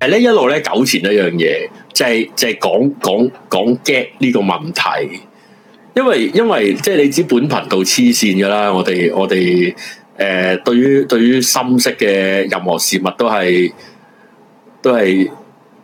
係咧一路咧糾纏一樣嘢，就係、是、就係講講講 get 呢個問題，因為因為即係、就是、你知本頻道黐線噶啦，我哋我哋誒、呃、對於對於深色嘅任何事物都係都係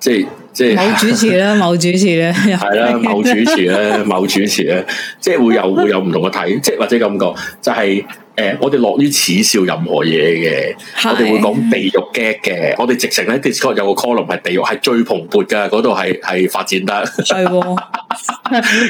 即係即係。某主, 某主持啦，某主持咧，係啦，某主持咧，某主持咧，即係會有會有唔同嘅睇，即係或者感覺就係、是。誒、欸，我哋樂於恥笑任何嘢嘅的，我哋會講地獄梗嘅，我哋直情咧 Discord 有個 column 係地獄係最蓬勃噶，嗰度係係發展得係，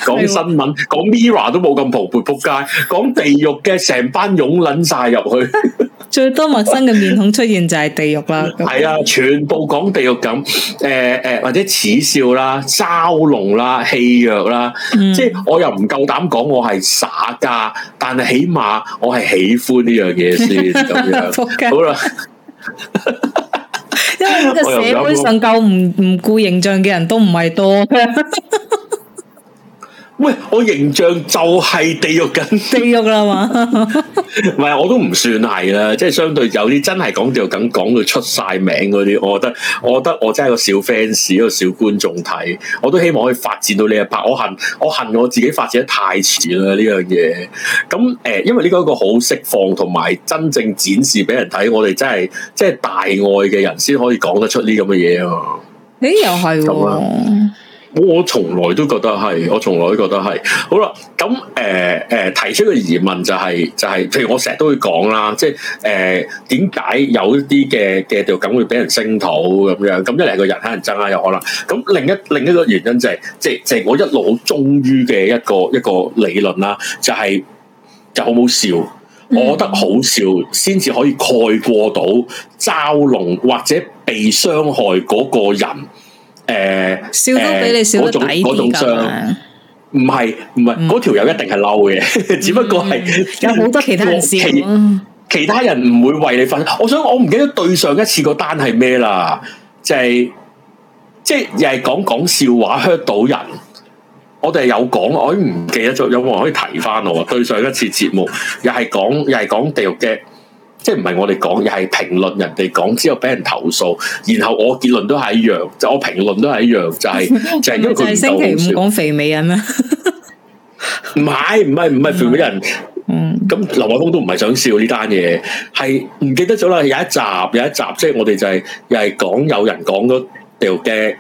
講 新聞講 Mirror 都冇咁蓬勃扑街，講地獄嘅成班湧捻晒入去， 最多陌生嘅面孔出現就係地獄啦，係啊， 全部講地獄咁，誒、呃、誒或者恥笑啦、嘲弄啦、戲謔啦，即係、嗯、我又唔夠膽講我係耍家，但係起碼我係，喜歡呢樣嘢先，咁樣好啦。因為呢個社會上夠唔唔顧形象嘅人都唔係多。 喂，我形象就係地獄梗， 地獄啦嘛，唔係我都唔算係啦，即係相對有啲真係講地獄梗講到出晒名嗰啲，我覺得我覺得我真係個小 fans 一個小觀眾睇，我都希望可以發展到呢一拍。我恨我恨我自己發展得太遲啦呢樣嘢，咁誒、欸，因為呢個一個好釋放同埋真正展示俾人睇，我哋真係即係大愛嘅人先可以講得出呢咁嘅嘢啊嘛，誒、欸，又係。樣 我我從來都覺得係，我從來都覺得係。好啦，咁誒誒提出嘅疑問就係，就係，譬如我成日都會講啦，即係誒點解有一啲嘅嘅條梗會俾人聲討咁樣？咁一嚟個人喺人爭啊，又可能。咁另一另一個原因就係，即係即係我一路好忠於嘅一個一個理論啦，就係，就好唔好笑，我覺得好笑先至可以蓋過到嘲弄或者被傷害嗰個人。誒，笑多俾你笑得抵啲，咁唔係唔係，嗰條友一定係嬲嘅，只不過係、嗯、有好多其他人笑。 其他人唔會為你分。我想我唔記得對上一次嗰單係咩啦，就係即係又係講講笑話 hurt 到人。我哋有講，我唔記得咗，有冇人可以提翻我啊？對上一次節目 又係講又係講地獄嘅。即係唔係我哋講，又係評論人哋講之後俾人投訴，然後我結論都係一,一樣，就我評論都係一樣，就係就係因為佢星期五講肥美人啦。唔係唔係唔係肥美人。嗯，咁劉愛峰都唔係想笑呢單嘢，係唔記得咗啦。有一集有一集，即、就、係、是、我哋就係、是、又係講有人講咗條嘅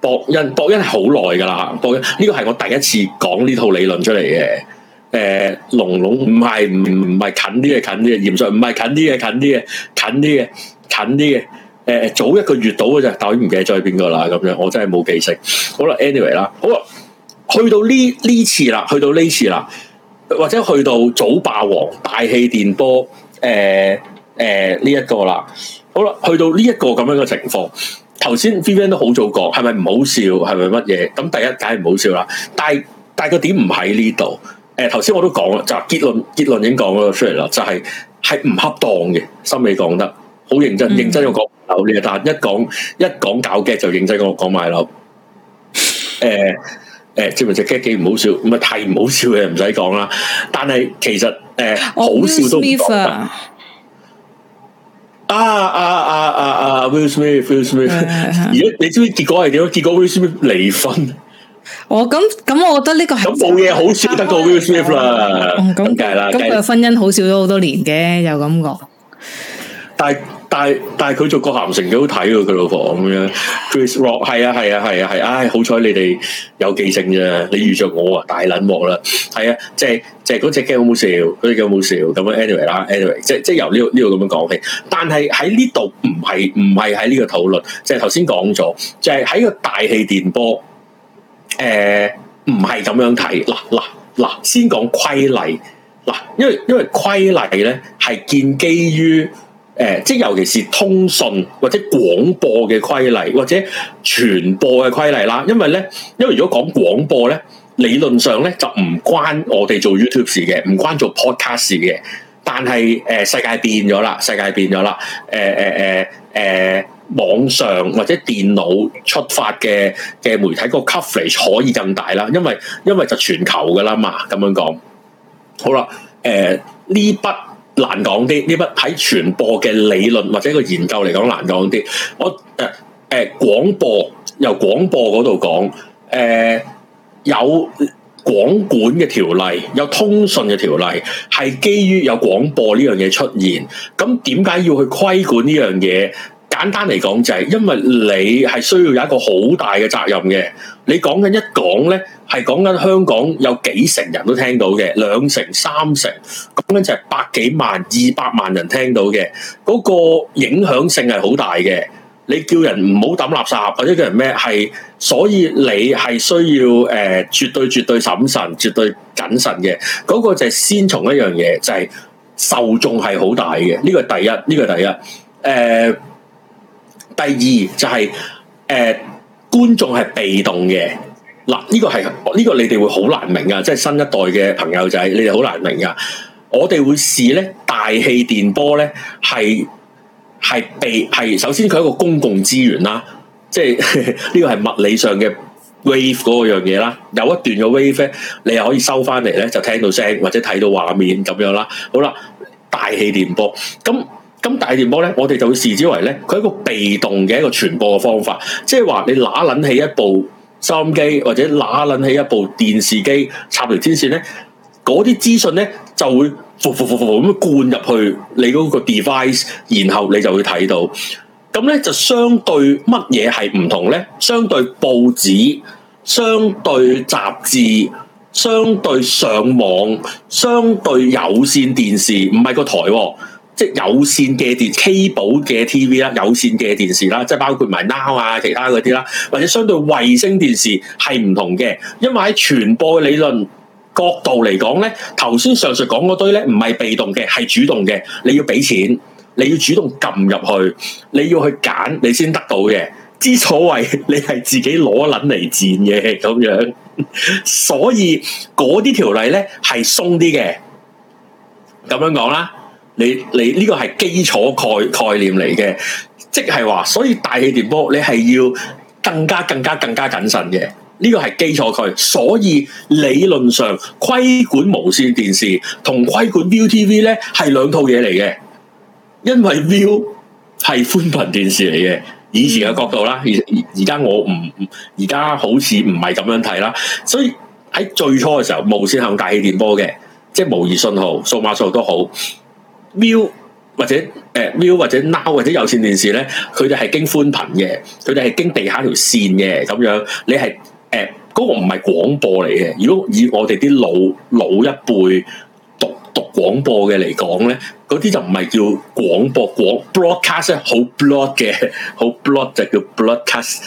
博恩博恩係好耐噶啦，博恩呢、這個係我第一次講呢套理論出嚟嘅。誒，龍龍唔係唔唔係近啲嘅，近啲嘅嚴肅唔係近啲嘅，近啲嘅，近啲嘅，近啲嘅。誒、呃，早一個月到嘅啫，但我唔記得咗係邊個啦，咁樣我真係冇記性。好啦，anyway 啦，好啦，去到呢呢次啦，去到呢次啦，或者去到早霸王大氣電波，誒誒呢一個啦，好啦，去到呢一個咁樣嘅情況，頭先 VVN 都好早講，係咪唔好笑？係咪乜嘢？咁第一梗係唔好笑啦，但係但係個點唔喺呢度。誒，頭先、呃、我都講啦，就結論結論已經講咗出嚟啦，就係係唔恰當嘅。心理講得好認真，嗯、認真要講流嘢，但一講一講搞 g 就認真講講買樓。誒、呃、誒，即係咪只 g 幾唔好笑？咁啊，太唔好笑嘅，唔使講啦。但係其實誒，呃哦、好笑都講得、oh, Will Smith 啊。啊啊啊啊啊！Will Smith, Will Smith。如果你知唔知結果係點樣？結果 Will Smith 離婚。我咁咁，哦、我覺得呢個係咁冇嘢，好少得到 Will Smith 啦。咁梗啦，咁佢婚姻好少咗好多年嘅，有感覺。但係但係但係佢做個咸城幾好睇嘅，佢老婆咁樣。Chris Rock 係啊係啊係啊係，唉、啊，哎、好彩你哋有記性啫。你遇着我惹惹啊，大捻鑊啦。係、就、啊、是 anyway, anyway,，即係即係嗰隻 game 好好笑，嗰隻 game 好好笑。咁 Anyway 啦，Anyway，即係即係由呢度呢度咁樣講起。但係喺呢度唔係唔係喺呢個討論，就係頭先講咗，就係、是、喺個大氣電波。誒，唔係咁樣睇，嗱嗱嗱，先講規例，嗱，因為因為規例咧係建基於誒、呃，即係尤其是通訊或者廣播嘅規例或者傳播嘅規例啦，因為咧，因為如果講廣播咧，理論上咧就唔關我哋做 YouTube 事嘅，唔關做 Podcast 事嘅，但係誒世界變咗啦，世界變咗啦，誒誒誒誒。網上或者電腦出發嘅嘅媒體個 coverage 可以更大啦，因為因為就全球噶啦嘛，咁樣講。好啦，誒、呃、呢筆難講啲，呢筆喺傳播嘅理論或者個研究嚟講難講啲。我誒誒、呃呃、廣播由廣播嗰度講，誒、呃、有廣管嘅條例，有通訊嘅條例，係基於有廣播呢樣嘢出現。咁點解要去規管呢樣嘢？簡單嚟講就係、是，因為你係需要有一個好大嘅責任嘅。你講緊一講呢，係講緊香港有幾成人都聽到嘅，兩成三成，講緊就係百幾萬、二百萬人聽到嘅，嗰、那個影響性係好大嘅。你叫人唔好抌垃圾，或者叫人咩，係所以你係需要誒、呃，絕對絕對審慎、絕對謹慎嘅。嗰、那個就係先從一樣嘢，就係、是、受眾係好大嘅。呢、這個第一，呢、這個第一，誒、呃。第二就係、是、誒、呃、觀眾係被動嘅，嗱，呢、這個係呢、這個你哋會好難明啊，即係新一代嘅朋友仔，你哋好難明㗎。我哋會試呢，大氣電波呢係係被係首先佢一個公共資源啦，即係呢 個係物理上嘅 wave 嗰個樣嘢啦。有一段嘅 wave 呢，你又可以收翻嚟呢，就聽到聲或者睇到畫面咁樣啦。好啦，大氣電波咁。咁大電波咧，我哋就會視之為咧，佢係一個被動嘅一個傳播嘅方法，即係話你拿捻起一部收音機或者拿捻起一部電視機插條天線咧，嗰啲資訊咧就會咁樣灌入去你嗰個 device，然後你就會睇到。咁咧就相對乜嘢係唔同咧？相對報紙、相對雜誌、相對上網、相對有線電視，唔係個台喎。即有線嘅電 cable 嘅 TV 啦，有線嘅電視啦，即係包括埋 Now 啊，其他嗰啲啦，或者相對衛星電視係唔同嘅，因為喺傳播嘅理論角度嚟講咧，頭先上述講嗰堆咧唔係被動嘅，係主動嘅，你要俾錢，你要主動撳入去，你要去揀，你先得到嘅，之所謂你係自己攞撚嚟賤嘅咁樣，所以嗰啲條例咧係鬆啲嘅，咁樣講啦。你你呢、這個係基礎概概念嚟嘅，即係話，所以大氣電波你係要更加更加更加謹慎嘅，呢、這個係基礎概念。所以理論上規管無綫電視同規管 ViuTV 呢係兩套嘢嚟嘅，因為 Viu 係寬頻電視嚟嘅，以前嘅角度啦，而而家我唔而家好似唔係咁樣睇啦。所以喺最初嘅時候，無綫行大氣電波嘅，即係模擬信號、數碼信號都好。view 或者誒、呃、v 或者 now 或者有線電視咧，佢哋係經寬頻嘅，佢哋係經地下條線嘅咁樣。你係誒嗰個唔係廣播嚟嘅。如果以我哋啲老老一輩讀讀廣播嘅嚟講咧，嗰啲就唔係叫廣播廣 broadcast 啊，好 broad 嘅，好 broad 就叫 broadcast。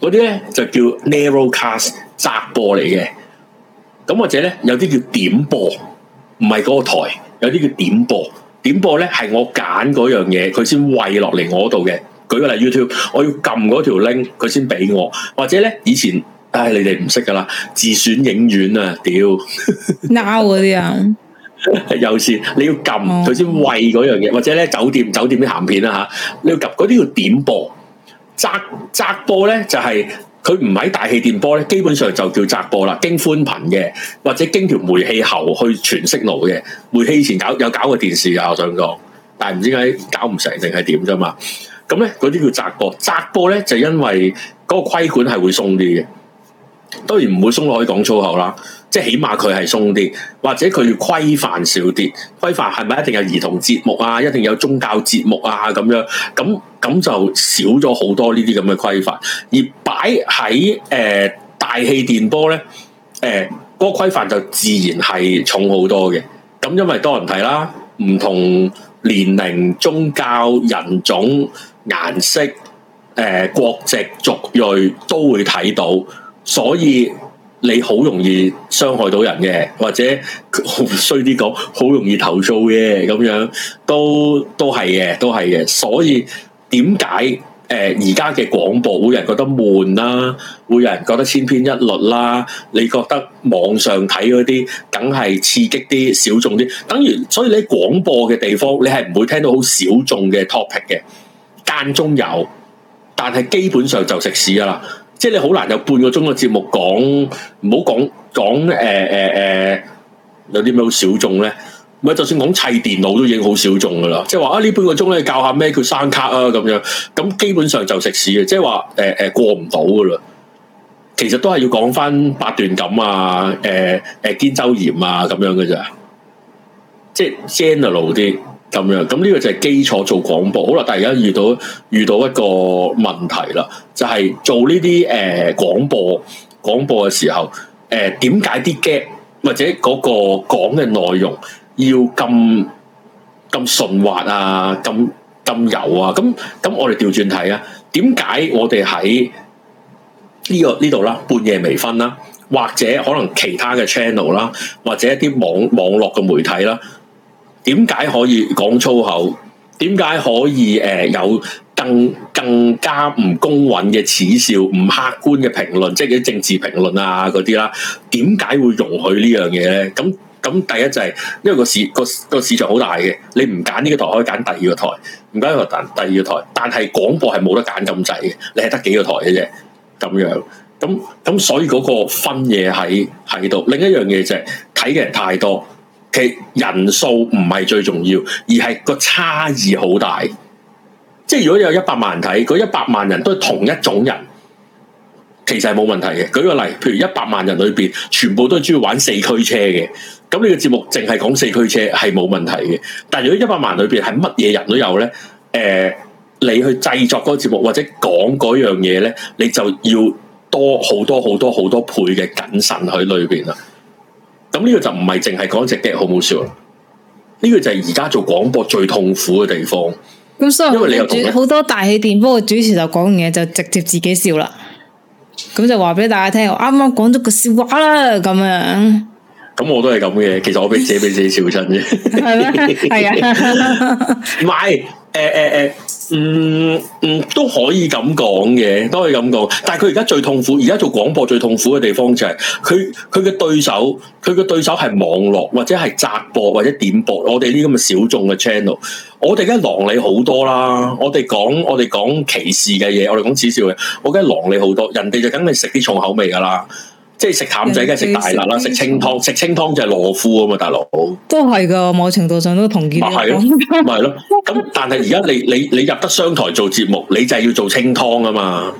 嗰啲咧就叫 narrowcast 窄播嚟嘅。咁或者咧，有啲叫點播，唔係嗰個台，有啲叫點播。點播咧係我揀嗰樣嘢，佢先餵落嚟我度嘅。舉個例，YouTube，我要撳嗰條 link，佢先俾我。或者咧，以前唉、哎，你哋唔識噶啦，自選影院啊，屌 Now that， 撈嗰啲啊，有綫你要撳，佢先餵嗰樣嘢。或者咧，酒店酒店啲鹹片啦吓、啊，你要撳嗰啲要點播，擇擇播咧就係、是。佢唔喺大氣電波咧，基本上就叫窄波啦，經寬頻嘅，或者經條煤氣喉去傳訊號嘅煤氣前搞有搞過電視嘅，我想講，但唔知點解搞唔成定係點啫嘛？咁咧嗰啲叫窄波，窄波咧就因為嗰個規管係會鬆啲嘅，當然唔會鬆到可以講粗口啦。即係起碼佢係鬆啲，或者佢要規範少啲。規範係咪一定有兒童節目啊？一定有宗教節目啊？咁樣咁咁就少咗好多呢啲咁嘅規範。而擺喺誒、呃、大氣電波咧，誒、呃、嗰個規範就自然係重好多嘅。咁因為多人睇啦，唔同年齡、宗教、人種、顏色、誒、呃、國籍、族裔都會睇到，所以。你好容易傷害到人嘅，或者衰啲講，好容易投訴嘅咁樣，都都係嘅，都係嘅。所以點解誒而家嘅廣播會有人覺得悶啦、啊，會有人覺得千篇一律啦、啊？你覺得網上睇嗰啲梗係刺激啲、小眾啲，等於所以你廣播嘅地方，你係唔會聽到好小眾嘅 topic 嘅，間中有，但係基本上就食屎㗎啦。即係你好難有半個鐘嘅節目講，唔好講，講誒誒誒，有啲咩好小眾咧？唔係，就算講砌電腦都已經好小眾噶啦。即係話啊，呢半個鐘咧，教下咩叫生卡啊咁樣，咁基本上就食屎嘅。即係話誒誒過唔到噶啦，其實都係要講翻八段錦啊，誒、呃、誒、呃、肩周炎啊咁樣嘅咋。即係 general 啲。咁樣，咁、這、呢個就係基礎做廣播，好啦。大家遇到遇到一個問題啦，就係、是、做呢啲誒廣播廣播嘅時候，誒點解啲 gap 或者嗰個講嘅內容要咁咁順滑啊，咁咁油啊？咁咁我哋調轉睇啊，點解我哋喺呢個呢度啦，半夜微醺啦，或者可能其他嘅 channel 啦，或者一啲網網絡嘅媒體啦。點解可以講粗口？點解可以誒、呃，有更更加唔公允嘅恥笑、唔客觀嘅評論，即係啲政治評論啊嗰啲啦？點解會容許呢樣嘢呢？咁咁第一就係、係、因為個市個、個個市場好大嘅，你唔揀呢個台可以揀第二個台，唔揀個第二個台。但係廣播係冇得揀咁滯嘅，你係得幾個台嘅啫。咁樣咁咁，所以嗰個分嘢喺喺度。另一樣嘢就係睇嘅人太多。其實人數唔係最重要，而係個差異好大。即係如果有一百萬睇，嗰一百萬人都係同一種人，其實係冇問題嘅。舉個例，譬如一百萬人裏邊，全部都係中意玩四驅車嘅，咁你嘅節目淨係講四驅車係冇問題嘅。但如果一百萬裏邊係乜嘢人都有呢？誒、呃，你去製作嗰個節目或者講嗰樣嘢呢，你就要多好多好多好多好多倍嘅謹慎喺裏邊啦。咁呢個就唔係淨係講隻嘅好唔好笑啦，呢、這個就係而家做廣播最痛苦嘅地方。咁所以，因為你又好多大氣電波，不過主持就講完嘢，就直接自己笑啦。咁就話俾大家聽，我啱啱講咗個笑話啦，咁樣。咁我都係咁嘅，其實我俾自己俾自己笑真啫，咩、欸？係、欸、啊、唔、欸、係、誒誒誒。嗯嗯都可以咁講嘅，都可以咁講。但係佢而家最痛苦，而家做廣播最痛苦嘅地方就係、是，佢佢嘅對手，佢嘅對手係網絡或者係窄播或者點播，我哋呢啲咁嘅小眾嘅 channel，我哋梗係狼你好多啦，我哋講我哋講歧視嘅嘢，我哋講恥笑嘅，我梗係狼你好多，人哋就梗係食啲重口味噶啦。即係食淡仔，梗係食大辣啦，食清湯食清湯，湯就係懦夫啊嘛，大佬都係噶，某程度上都同意咁。咪係咯，係咯。咁但係而家你你你入得商台做節目，你就係要做清湯啊嘛。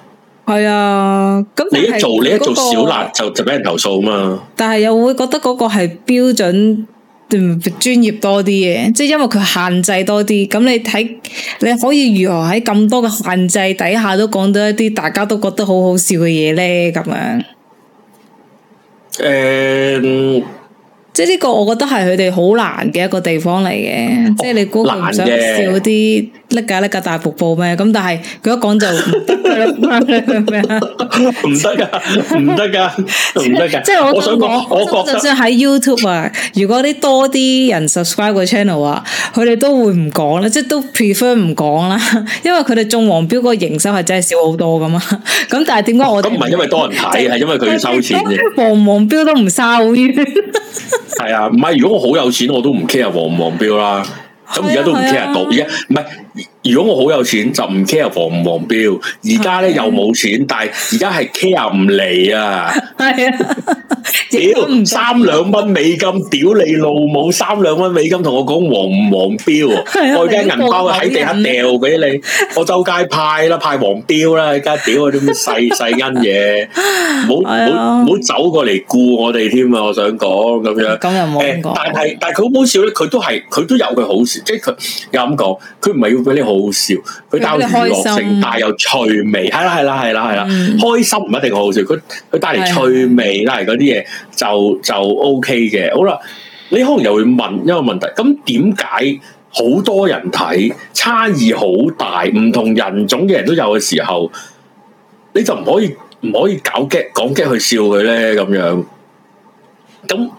係啊，咁、嗰個、你一做你一做小辣就、嗰個、就俾人投訴啊嘛。但係又會覺得嗰個係標準專業多啲嘅，即、就、係、是、因為佢限制多啲。咁你睇你可以如何喺咁多嘅限制底下都講到一啲大家都覺得好好笑嘅嘢咧，咁樣。誒，嗯、即係呢個，我覺得係佢哋好難嘅一個地方嚟嘅。哦、即係你估佢唔想笑啲甩架甩架大瀑布咩？咁的但係佢一講就唔得 唔得噶，唔得噶，唔得噶。即係 我，我，我想講，我覺得，就算喺 YouTube 啊，如果啲多啲人 subscribe 個 channel 啊，佢哋都會唔講啦，即係都 prefer 唔講啦。因為佢哋中黃標個營收係真係少好多噶嘛。咁但係點解我咁唔係因為多人睇，係、就係、因為佢要收錢嘅。黃黃標都唔收嘅。係 啊，唔係如果我好有錢，我都唔 care 黃黃標啦。咁而家都唔 care 到，而家唔係如果我好有錢就唔 care 黃唔黃標，而家咧又冇錢，但係而家係 care 唔嚟啊！係啊，屌三兩蚊美金，屌你老母三兩蚊美金，同我講黃唔黃標，我而家銀包喺地下掉俾你，我周街派啦，派黃標啦，而家屌你啲咁細細恩嘢，冇冇冇走過嚟顧我哋添啊！我想講咁樣，咁又冇講。但係但係佢好唔好笑咧？佢都係佢都有佢好笑。即係佢又咁講，佢唔係要俾你好好笑，佢帶有娛樂性，但係又趣味，係啦係啦係啦係啦，嗯、開心唔一定好好笑，佢佢帶嚟趣味，帶嗰啲嘢，就就 O K 嘅。好啦，你可能又會問一個問題，咁點解好多人睇差異好大，唔同人種嘅人都有嘅時候，你就唔可以唔可以搞激講激去笑佢咧？咁樣咁誒、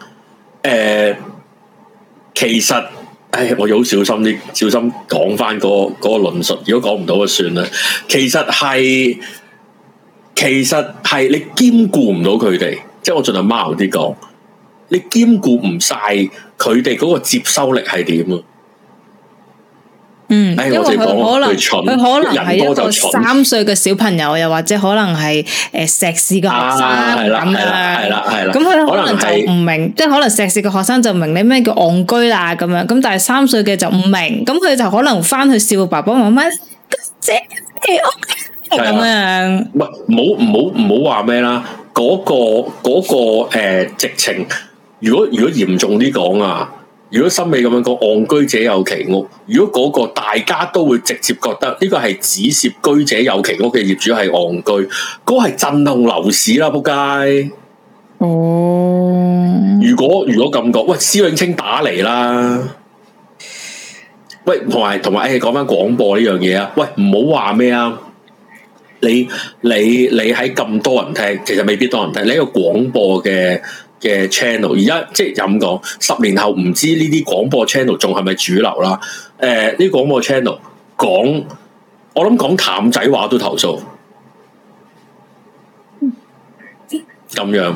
呃，其實。誒，我要好小心啲，小心講翻嗰嗰個論、那個、述。如果講唔到就算啦。其實係，其實係你兼顧唔到佢哋，即係我盡量慢啲講。你兼顧唔晒佢哋嗰個接收力係點啊？嗯，因為佢可能佢可能係一個三歲嘅小朋友，又或者可能係誒碩士嘅學生咁樣，係啦係啦，咁佢可能就唔明，即係可能碩士嘅學生就明你咩叫戇居啦咁樣，咁但係三歲嘅就唔明，咁佢就可能翻去笑爸爸媽媽，即係屋咁樣。唔好唔好唔好話咩啦，嗰個嗰個誒直情，如果如果嚴重啲講啊。如果森美咁樣講，戇居者有其屋。如果嗰個大家都會直接覺得呢個係只涉居者有其屋嘅業主係戇居，嗰個係震動樓市啦，撲街。哦、嗯。如果如果咁講，喂，蕭永清打嚟啦。喂，同埋同埋，誒，講翻廣播呢樣嘢啊！喂，唔好話咩啊？你你你喺咁多人聽，其實未必多人聽。你喺一個廣播嘅。嘅 channel，而家即係咁講，十年後唔知呢啲廣、呃、廣播 channel 仲係咪主流啦？誒，呢廣播 channel 講，我諗講譚仔話都投訴，咁、嗯、樣，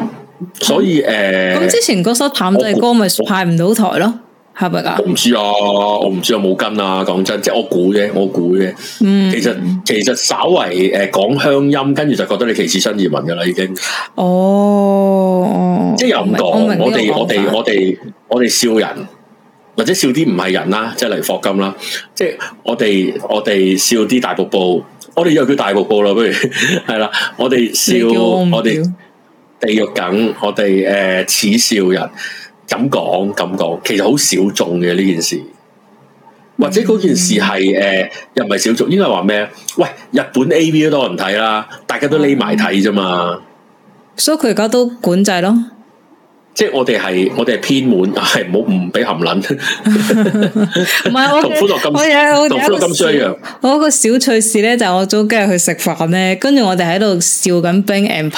所以誒，咁、嗯呃、之前嗰首譚仔歌咪我派唔到台咯。我唔知啊，我唔知我冇跟啊。講真，即係我估啫，我估啫。嗯，其，其實其實稍為誒講鄉音，跟住就覺得你歧視新移民噶啦，已經。哦，即係又唔講，我哋我哋我哋我哋笑人，或者笑啲唔係人啦，即係嚟霍金啦，即係我哋我哋笑啲大瀑布，我哋又叫大瀑布啦。不如係啦， 我哋笑我哋地獄梗，我哋誒恥笑人。咁講咁講，其實好小眾嘅呢件事，或者嗰件事係誒、呃、又唔係小眾，應該話咩？喂，日本 AV 都多人睇啦，大家都匿埋睇啫嘛，所以佢而家都管制咯。即係我哋係 我哋係偏滿，係唔好唔俾含撚。唔係我同歡樂，我同歡樂咁衰一樣。我個小趣事咧，就我早幾日去食飯咧，跟住我哋喺度笑緊《Bling Empire》，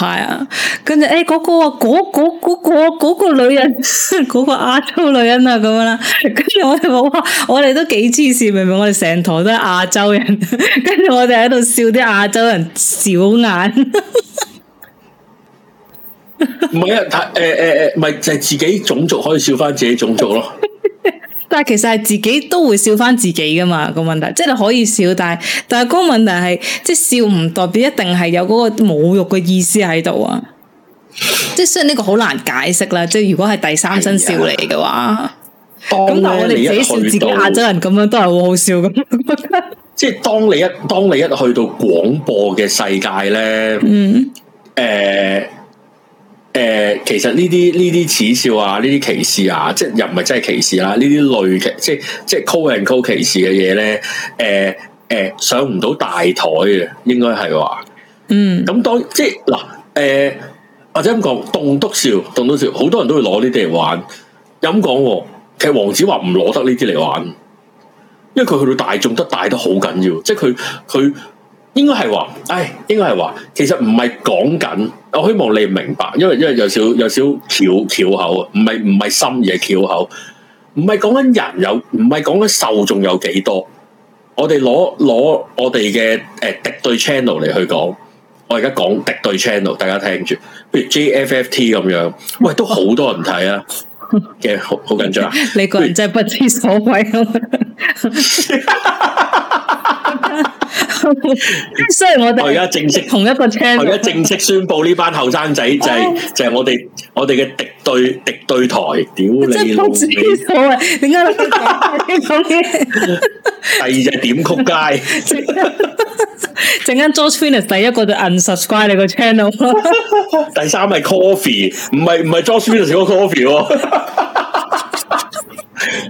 跟住誒嗰個啊，嗰、那、嗰個、啊那個啊那個女人，嗰 個亞洲女人啊，咁樣啦。跟住我哋話哇，我哋都幾黐線，明明我哋成枱都係亞洲人，跟 住我哋喺度笑啲亞洲人笑眼。 唔係啊，誒誒誒，唔、欸欸、就係、是、自己種族可以笑返自己種族咯。 但係其實係自己都會笑返自己㗎嘛、那個問題，即係你可以笑，但係但係個問題係，即係笑唔代表一定係有嗰個侮辱嘅意思喺度啊。即係雖然呢個好難解釋啦，即係如果係第三身笑嚟嘅話，咁但係我哋自己笑自己亞洲人咁樣都係好好笑嘅。 即係當,當你一當你一去到廣播嘅世界咧，嗯，誒、欸。誒、呃，其實呢啲呢啲恥笑啊，呢啲歧視啊，即係又唔係真係歧視啦、啊，呢啲類即係即係 call and call 歧視嘅嘢咧，誒、呃、誒、呃、上唔到大台嘅，應該係話，嗯，咁當即嗱，誒或者咁講，棟、呃、篤笑，棟篤笑，好多人都會攞呢啲嚟玩，有咁講，其實黃子華唔攞得呢啲嚟玩，因為佢去到大眾大都大得好緊要，即係佢佢。應該係話，唉，應該係話，其實唔係講緊，我希望你明白，因為因為有少有少翹翹口啊，唔係唔係深夜翹口，唔係講緊人有，唔係講緊受眾有幾多，我哋攞攞我哋嘅誒敵對 channel 嚟去講，我而家講敵對 channel，大家聽住，譬如 GFFT 咁樣，喂，都好多人睇啊，嘅好緊張啊， 你個人真係不知所謂啊。雖然我哋，我而家正式同一個 channel，我而家正式宣布呢班後生仔就係就係我哋我哋嘅敵對敵對台，屌你老味，點解咁嘅？第二隻點曲街，陣間 George Finis 第一個就 unsubscribe 你個 channel，第三係 Coffee，唔係唔係 George Finis，嗰個 Coffee。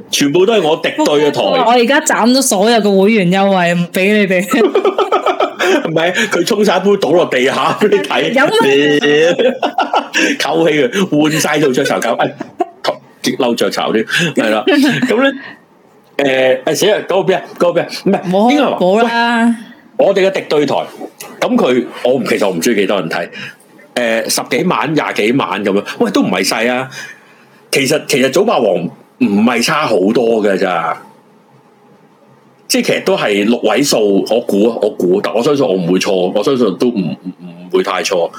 全部都係我敵對嘅台，我而家斬咗所有嘅會員優惠，唔俾你哋。唔係，佢沖晒杯倒落地下俾你睇，有咩？唞氣啊，換晒套雀巢狗，直溜雀巢啲，係啦。咁咧，誒誒，寫啊，嗰邊啊，嗰邊啊，唔係，冇開，冇啦。我哋嘅敵對台，咁佢我唔，其實我唔中意幾多人睇，誒，十幾萬、廿幾萬咁樣，喂，都唔係細啊。其實其實早霸王。唔係差好多㗎咋，即係其實都係六位數。我估，我估，但我相信我唔會錯。我相信都唔唔唔會太錯。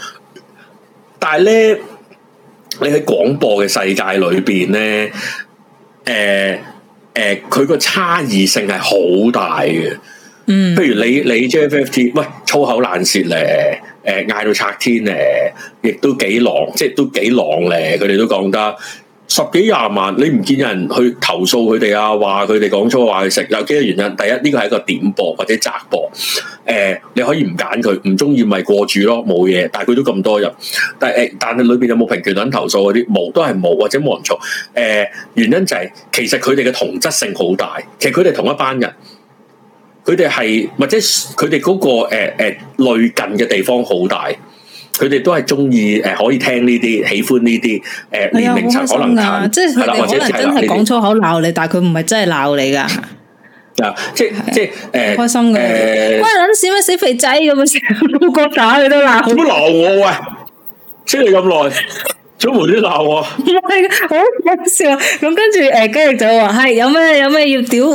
但係咧，你喺廣播嘅世界裏邊咧，誒、呃、誒，佢、呃、個差異性係好大嘅。嗯、譬如你你 J F F T，喂粗口爛舌咧，誒、呃、嗌到拆天咧，亦都幾狼，即係都幾狼咧。佢哋都講得。十幾廿萬，你唔見有人去投訴佢哋啊？話佢哋講粗話去食，有幾個原因？第一，呢個係一個點播或者集播，誒、呃，你可以唔揀佢，唔中意咪過住咯，冇嘢。但係佢都咁多人，但係、呃、但係裏邊有冇評權等投訴嗰啲？冇，都係冇或者冇人嘈。誒、呃，原因就係、是、其實佢哋嘅同質性好大，其實佢哋同一班人，佢哋係或者佢哋嗰個誒誒、呃呃、類近嘅地方好大。佢哋都係中意誒，可以聽呢啲，喜歡呢啲誒，即係佢哋可能真係講粗口鬧你，但係佢唔係真係鬧你噶。嗱，即係即係誒，開心嘅。喂，撚屎咩死肥仔咁樣，成個打佢都鬧。做乜鬧我喂！識嚟咁耐，做咩都鬧我。唔係，好搞笑。咁跟住誒，跟住就話係，有咩有咩要屌？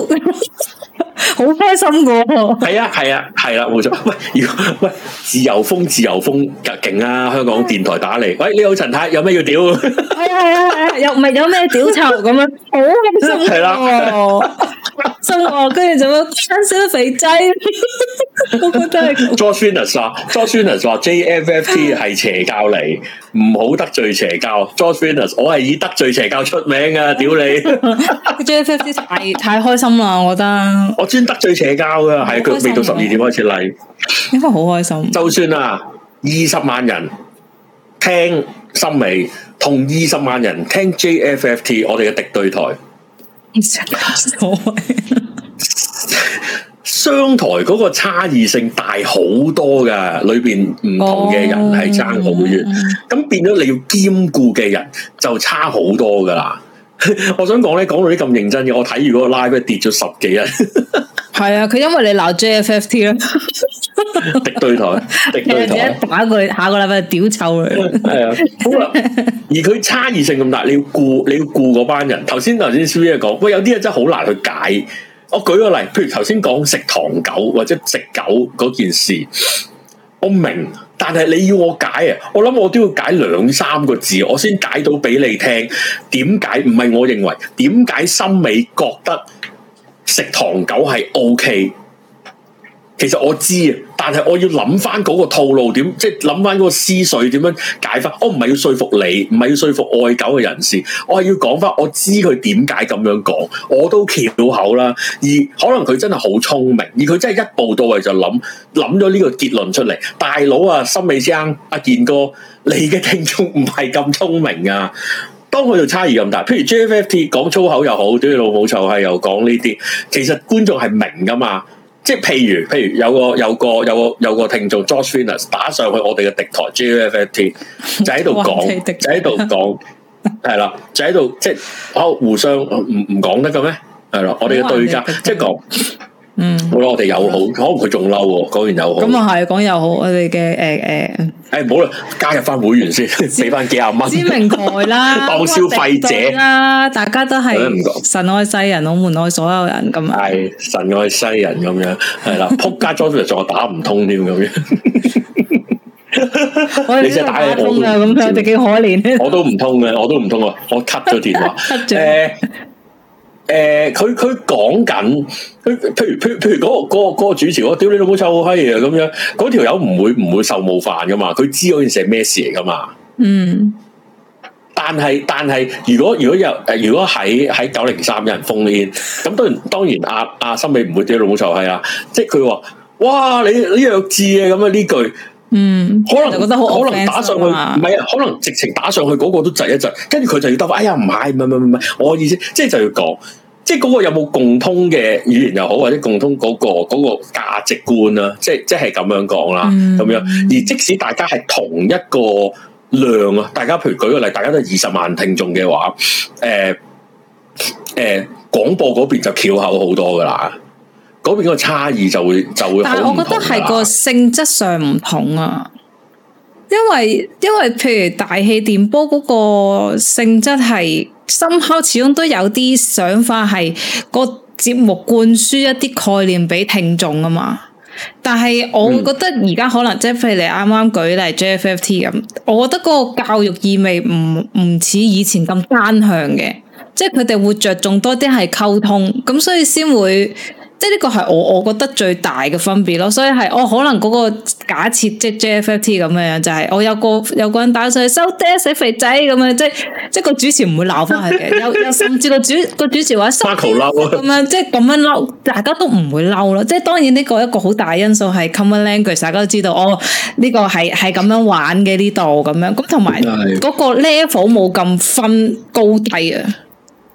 好開心噶，哦啊！係啊係啊係啦冇錯，喂，喂，自由風自由風格勁啊！香港電台打嚟，喂，你好陳太，有咩要屌？係係係，又唔係有咩屌籌咁樣，好開心係啦，哦，啊、開心，跟住就咁生消肥仔， 我覺得係。Joanna 話 Joanna 話 JFFT 係邪教嚟。唔好得罪邪教 Josephinus 我係以得罪邪教出名噶，屌你 JFFT 太太開心啦，我覺得。 我專得罪邪教噶，係佢未到十二點開始嚟。應該好開心。就算啊，二十萬人聽森美，同二十萬人聽 JFFT，我哋嘅敵對台。唔想搞所商台嗰個差異性大好多噶，裏邊唔同嘅人係爭好遠，咁、oh. 變咗你要兼顧嘅人就差好多噶啦。 我想講咧，講到啲咁認真嘅，我睇住嗰個 live 咧跌咗十幾日。係 啊，佢因為你鬧 JFFT 啊，敵 對台，敵對台，打個下個禮拜屌臭佢。係 啊，好啦，而佢差異性咁大，你要顧你要顧嗰班人。頭先頭先書姐講，喂，有啲嘢真係好難去解。我舉個例，譬如頭先講食糖狗或者食狗嗰件事，我明，但係你要我解啊，我諗我都要解兩三個字，我先解到俾你聽，點解唔係我認為，點解森美覺得食糖狗係 OK？其實我知啊，但係我要諗翻嗰個套路點，即係諗翻嗰個思緒點樣解翻。我唔係要說服你，唔係要說服愛狗嘅人士，我係要講翻我知佢點解咁樣講，我都翹口啦。而可能佢真係好聰明，而佢真係一步到位就諗諗咗呢個結論出嚟。大佬啊，森美生阿健哥，你嘅聽眾唔係咁聰明啊！當佢就差異咁大，譬如 JFFT 講粗口又好，屌你老母臭閪又講呢啲，其實觀眾係明噶嘛。即係譬如，譬如有個有個有個有個聽眾 Joshua 打上去我哋嘅敵台 GFFT 就喺度講，就喺度講，係啦，就喺度即係，哦，互相唔唔講得嘅咩？係啦， 我哋嘅對家，即係講。嗯，好啦，我哋友好，可能佢仲嬲。講完友好，咁啊係講友好，我哋嘅誒誒，誒，唔好啦，加入翻會員先，俾翻幾十蚊。先明台啦，當消費者啦，大家都係神愛世人，我們愛所有人咁。係神愛世人咁樣，係啦，撲街咗又我打唔通添咁樣。你真係打唔通啊，咁樣，你幾可憐，我都唔通嘅，我都唔通啊，我 cut 咗電話 cut 咗。誒，佢佢講緊，佢譬如譬如譬如嗰個嗰個嗰個主持，我屌你老母臭閪啊，咁樣嗰條友唔會唔會受冒犯噶嘛？佢知嗰件事係咩事嚟噶嘛？嗯。但係但係，如果如果，如果有誒，如果喺喺九零三有人 phone-in，咁當當然阿阿森美唔會屌你老母臭閪啊！即係佢話，哇，你你弱智啊！咁啊呢句。嗯，可能覺得可能打上去，唔係 可能直情打上去嗰個都窒一窒，跟住佢就要兜。哎呀，唔係，唔係，唔係，唔係，我意思，即係就要講，即係嗰個有冇共通嘅語言又好，或者共通嗰個嗰個價值觀啊，即係即係咁樣講啦，咁樣。而即使大家係同一個量啊，大家譬如舉個例，大家都二十萬聽眾嘅話，誒誒，廣播嗰邊就翹口好多噶啦。嗰邊嗰個差異就會就會，就會，但係我覺得係個性質上唔同啊。因為因為譬如大氣電波嗰個性質係，深刻始終都有啲想法係個節目灌輸一啲概念俾聽眾啊嘛。但係我會覺得而家可能，即係譬如你啱啱舉例，嗯、JFFT 咁，我覺得嗰個教育意味唔唔似以前咁單向嘅，即係佢哋會着重多啲係溝通，咁所以先會。呢個係我我覺得最大嘅分別咯，所以係我、哦、可能嗰個假設即係 JFFT 咁樣，就係、是、我有個有個人打上去收爹死肥仔咁樣，即係即係個主持唔會鬧返佢嘅， 又又甚至個主個主持話收啲嬲咁樣，即係咁樣嬲，大家都唔會嬲咯。即係當然呢個一個好大因素係 common language，大家都知道哦，呢、呢個係係咁樣玩嘅呢度咁樣，咁同埋嗰個 level 冇咁分高低啊。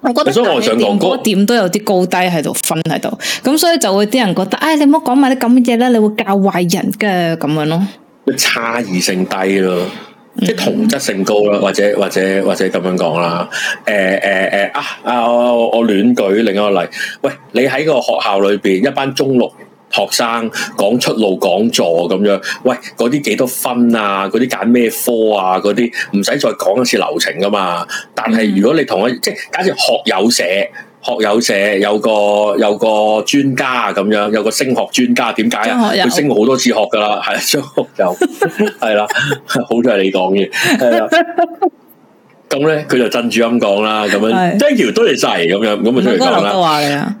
我覺得，所以我想講嗰點都有啲高低喺度分喺度，咁所以就會啲人覺得，唉、哎，你唔好講埋啲咁嘅嘢啦，你會教壞人㗎咁樣咯。差異性低咯，即係同質性高啦，或者或者或者咁樣講啦。誒誒誒，啊、欸欸、啊，我我我，我我亂舉另一個例，喂，你喺個學校裏邊一班中六，學生講出路講座咁樣，喂，嗰啲幾多分啊？嗰啲揀咩科啊？嗰啲唔使再講一次流程噶嘛？但係如果你同我即係假設學友社，學友社有個有個專家啊咁樣，有個升學專家，點解啊？佢升過好多次學噶啦，係啊，張學友，係啦， 好似係你講嘅，係啊。咁咧，佢就振住咁講啦。咁樣的，thank you，多謝晒，咁樣咁啊，出嚟講啦。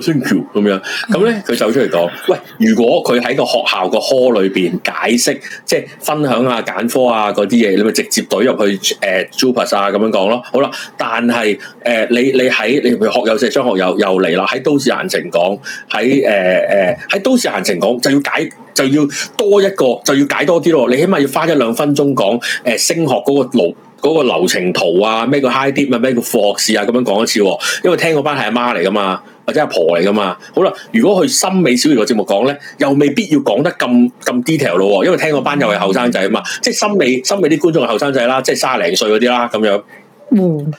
Thank you 咁樣，咁咧佢走出嚟講，喂，如果佢喺個學校個科裏邊解釋，即係分享啊、揀科啊嗰啲嘢，你咪直接懟入去誒、呃、Jupas 啊咁樣講咯。好啦，但係誒、呃，你你喺你，你學友社張學友又嚟啦，喺都市閒情講，喺誒誒喺都市閒情講就要解就要多一個，就要解多啲咯。你起碼要花一兩分鐘講誒，升學嗰、嗰個流、嗰個流程圖啊，咩個 High Dip 啊，咩個副學士啊，咁樣講一次。因為聽嗰班係阿媽嚟噶嘛。或者阿婆嚟噶嘛？好啦，如果去森美小儀個節目講咧，又未必要講得咁咁 detail 咯，因為聽個班又係後生仔啊嘛，即係森美森美啲觀眾係後生仔啦，即係卅零歲嗰啲啦，咁樣嗯，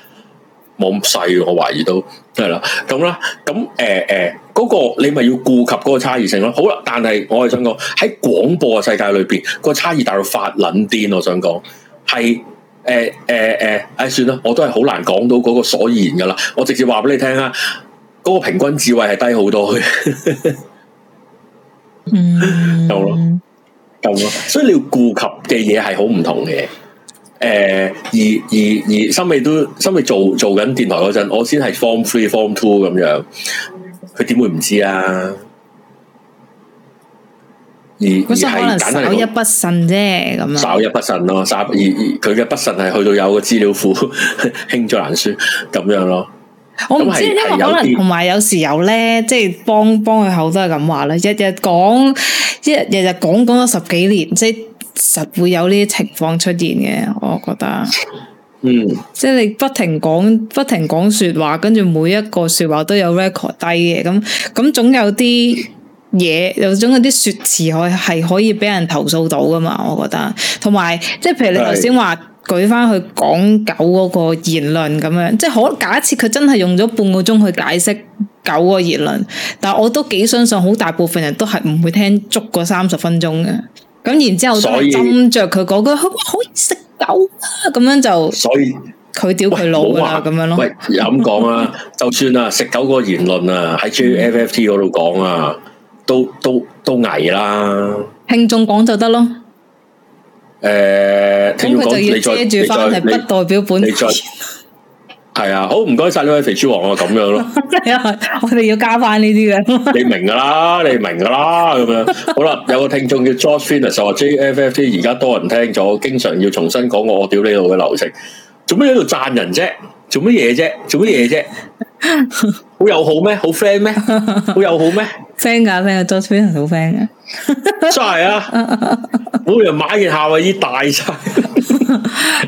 冇咁細，我懷疑都係啦，咁啦，咁誒誒，嗰、欸欸欸嗰個你咪要顧及嗰個差異性咯。好啦，但係我係想講喺廣播嘅世界裏邊，個差異大到發捻癲。我想講係誒誒誒，哎、欸欸欸欸，算啦，我都係好難講到嗰個所言噶啦，我直接話俾你聽啊！嗰個平均智慧係低好多嘅，嗯，有咯，咁咯，所以你要顧及嘅嘢係好唔同嘅。誒、呃，而而而，而，而，而森美都森美做做緊電台嗰陣，我先係 Form Three Form Two 咁樣，佢點會唔知啊？而而係稍一不慎啫，咁啊，稍一不慎咯，稍而而佢嘅不慎係去到有個資料庫興咗難說咁樣咯。我唔知，因為可能同埋有時有咧，即係幫幫佢口都係咁話啦，日日講，一日日講講咗十幾年，即係實會有呢啲情況出現嘅，我覺得，嗯，即係你不停講不停講說話，跟住每一個說話都有 record 低嘅，咁咁總有啲。嘢有種嗰啲説辭，我係可以俾人投訴到噶嘛？我覺得，同埋即係譬如你頭先話舉翻去講狗嗰個言論咁樣，即係可假設佢真係用咗半個鐘去解釋狗個言論，但係我都幾相信好大部分人都係唔會聽足嗰三十分鐘嘅。咁然之後，然後，斟酌佢嗰個可以食狗啊，咁樣就所以佢屌佢老啦，咁樣咯。喂，又咁講啊，就算啊，食狗個言論啊，喺 J F F T 嗰度講啊。都都都危啦！聽眾講就得咯。誒，聽眾講你遮住翻，係不代表本錢。係啊，好唔該晒呢位肥豬王啊，咁樣咯。係啊，我哋要加翻呢啲嘅。你明噶啦，你明噶啦，咁樣。好啦，有個聽眾叫 John Finnis 話 JFFT 而家多人聽咗，經常要重新講，我我屌呢度嘅流程。做咩喺度讚人啫？做乜嘢啫？做乜嘢啫？ 好友好咩？好 friend 咩？好友好咩？friend 噶 friend，多啲好 friend 嘅，真係啊！冇人買嘅下依大晒，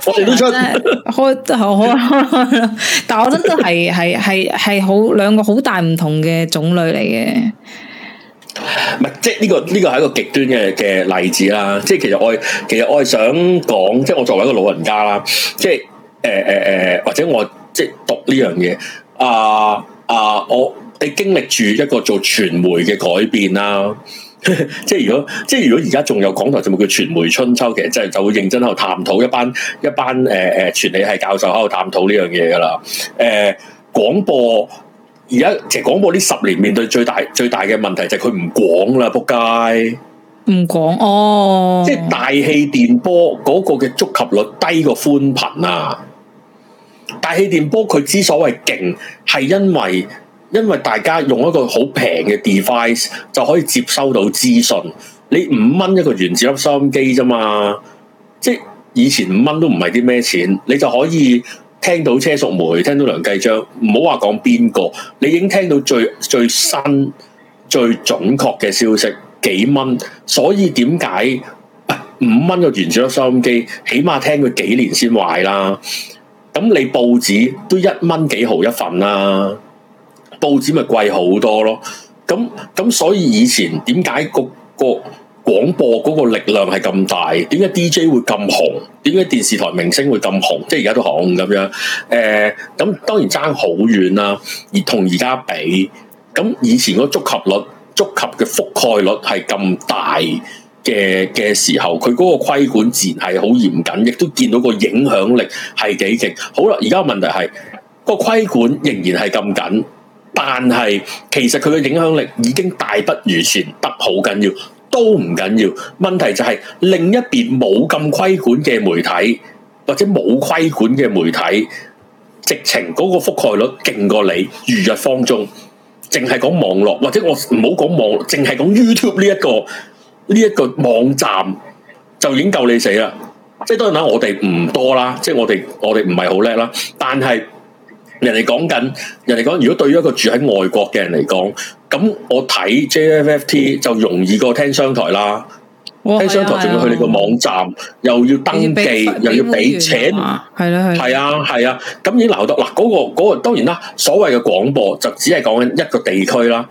我哋都出開就開。但係我真真係係係係好兩個好大唔同嘅種類嚟嘅。唔係、這個，即係呢個呢個係一個極端嘅嘅例子啦。即係其實我其實我係想講，即係我作為一個老人家啦，即係誒誒誒，或者我即係讀呢樣嘢。啊啊！我你、uh, uh, 經歷住一個做傳媒嘅改變啦、啊， 即係如果即係如果而家仲有港台做咩叫傳媒春秋，其實就就會認真喺度探討一班一班誒誒傳理系教授喺度探討呢樣嘢噶啦。誒廣播而家其實廣播呢十年面對最大最大嘅問題就係佢唔廣啦，仆街唔廣哦，oh。即係大氣電波嗰個嘅觸及率低過寬頻啊！大氣電波佢之所以勁，係因為因為大家用一個好平嘅 device 就可以接收到資訊。你五蚊一個原子粒收音機啫嘛，即以前五蚊都唔係啲咩錢，你就可以聽到車淑梅、聽到梁繼章，唔好話講邊個，你已經聽到最最新、最準確嘅消息，幾蚊？所以點解五蚊個原子粒收音機，起碼聽佢幾年先壞啦？咁你報紙都一蚊幾毫一份啦、啊，報紙咪貴好多咯。咁、嗯、咁、嗯、所以以前點解個個廣播嗰個力量係咁大？點解 DJ 會咁紅？點解電視台明星會咁紅？即係而家都行咁樣。誒、嗯，咁、嗯嗯嗯、當然爭好遠啦，而同而家比，咁、嗯嗯、以前個觸及率、觸及嘅覆蓋率係咁大。嘅嘅時候，佢嗰個規管自然係好嚴謹，亦都見到個影響力係幾勁。好啦，而家問題係、個規管仍然係咁緊，但係其實佢嘅影響力已經大不如前。得好緊要都唔緊要，問題就係、是、另一邊冇咁規管嘅媒體，或者冇規管嘅媒體，直情嗰個覆蓋率勁過你，如若放縱，淨係講網絡，或者我唔好講網絡，淨係講 YouTube 呢、這、一個。呢一個網站就已經夠你死啦！即係當然啦，我哋唔多啦，即係我哋我哋唔係好叻啦。但係人哋講緊，人哋講，如果對於一個住喺外國嘅人嚟講，咁我睇 JFFT 就容易過聽商台啦。哦啊、聽商台仲要去你個網站，又要登記，要被又要俾錢，係咯係。啊係啊，咁、啊啊啊啊、已經留到嗱嗰、那個嗰、那個、那個、當然啦、啊，所謂嘅廣播就只係講緊一個地區啦。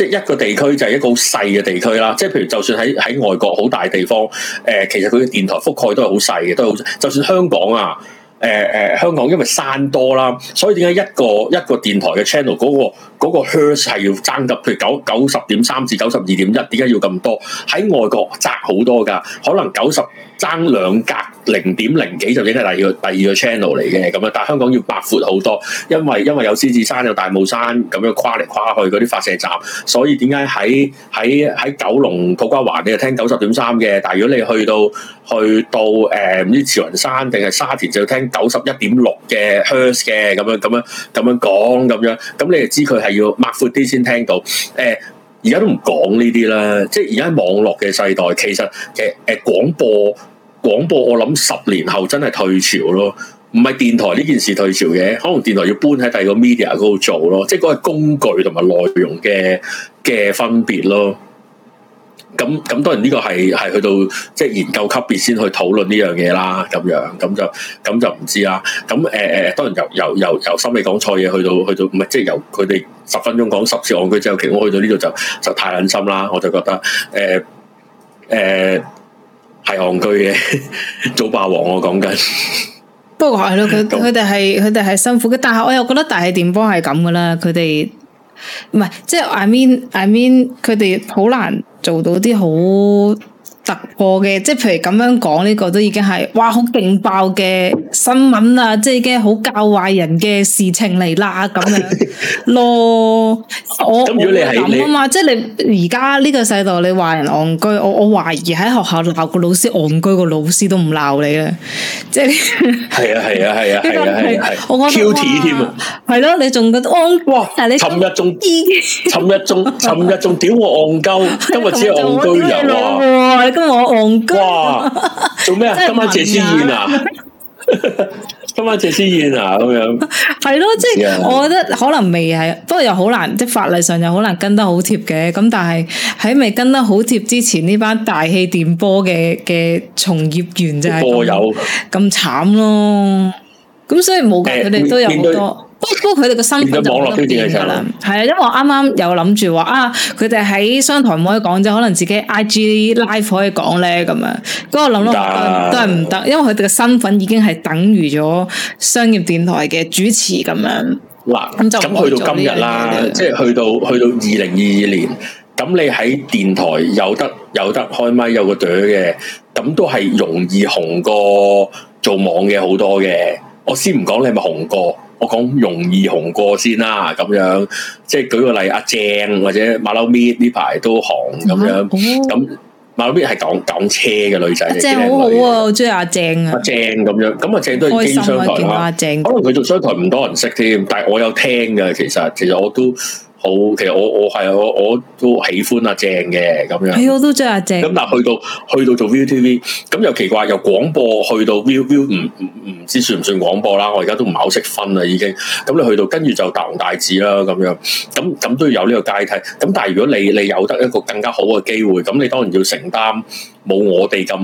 即一個地區就係一個好細嘅地區啦，即係譬如就算喺喺外國好大地方，誒、呃、其實佢嘅電台覆蓋都係好細嘅，都係好，就算香港啊。誒誒、呃，香港因為山多啦，所以點解一個一個電台嘅 channel 嗰個嗰個 hertz 係要爭入譬如九九十點三至九十二點一，點解要咁多？喺外國窄好多㗎，可能九十爭兩格零點零幾就已經係第二個第二個 channel 嚟嘅咁樣，但香港要百闊好多，因為因為有獅子山有大帽山咁樣跨嚟跨去嗰啲發射站，所以點解喺喺喺九龍土瓜灣你就聽九十點三嘅，但如果你去到去到誒唔知慈雲山定係沙田就要聽。九十一點六嘅 hertz 嘅咁樣咁樣咁樣講咁樣，咁你就知佢係要擘闊啲先聽到。誒、欸，而家都唔講呢啲啦，即係而家網絡嘅世代，其實誒誒廣播廣播，廣播我諗十年後真係退潮咯，唔係電台呢件事退潮嘅，可能電台要搬喺第二個 media 嗰度做咯，即係嗰個工具同埋內容嘅嘅分別咯。咁咁，當然呢個係係去到即係研究級別先去討論呢樣嘢啦，咁樣咁就咁就唔知啦。咁誒誒，當然由由由由心理講錯嘢去到去到，唔係即係由佢哋十分鐘講十次戇居之後，其實去到呢度就就太狠心啦。我就覺得誒誒係戇居嘅早霸王我講緊。不過係咯，佢佢哋係佢哋係辛苦嘅，但係我又覺得大氣電波係咁噶啦。佢哋唔係即係 I mean I mean 佢哋好難。做到啲好。突破嘅，即係譬如咁樣講呢個都已經係，哇，好勁爆嘅新聞啊！即係已經好教壞人嘅事情嚟啦，咁樣咯。我諗啊嘛，即係你而家呢個世道，你話人戇居，我我懷疑喺學校鬧個老師戇居，個老師都唔鬧你啦。即係係啊係啊係啊係啊係，我覺得 Q T 添啊，係咯，你仲覺得戇？哇！尋日仲尋日仲尋日仲屌我戇鳩，今日只戇居有啊！我戇居，做咩啊？ 今晚謝師宴啊？今晚謝師宴啊？咁樣係咯，即係我覺得可能未係，不過又好難，即係法例上又好難跟得好貼嘅。咁但係喺未跟得好貼之前，呢班大氣電波嘅嘅從業員就係咁有咁慘咯。咁所以冇計，佢哋都有好多、欸。不過，佢哋個身份就唔得變噶啦，係啊，因為我啱啱有諗住話啊，佢哋喺商台唔可以講即可能自己 I G Live 可以講咧，咁樣。嗰個諗落都係唔得，因為佢哋嘅身份已經係等於咗商業電台嘅主持咁樣。嗱喇，咁就咁去到今日啦，即係去到去到二零二二年，咁你喺電台有得有得開咪有個朵嘅，咁都係容易紅過做網嘅好多嘅。我先唔講你係咪紅過。我講容易紅過先啦，咁樣即係舉個例，阿鄭或者馬騮咪呢排都紅咁樣，咁馬騮咪係講講車嘅女仔，鄭、啊、鄭好好啊，我中意阿鄭啊，阿鄭咁樣，咁阿鄭都係經商台啊，阿可能佢做商台唔多人識添，但係我有聽嘅，其實其實我都。好，其實我我係我我都喜歡阿鄭嘅咁樣，我都追阿鄭。咁 但係去到去到做 ViuTV，咁又奇怪，由廣播去到 ViuViu，唔唔唔知算唔算廣播啦。我而家都唔係好識分啦，已經。咁你去到跟住就大紅大紫啦咁樣，咁咁都要有呢個階梯。咁但係如果你你有得一個更加好嘅機會，咁你當然要承擔冇我哋咁。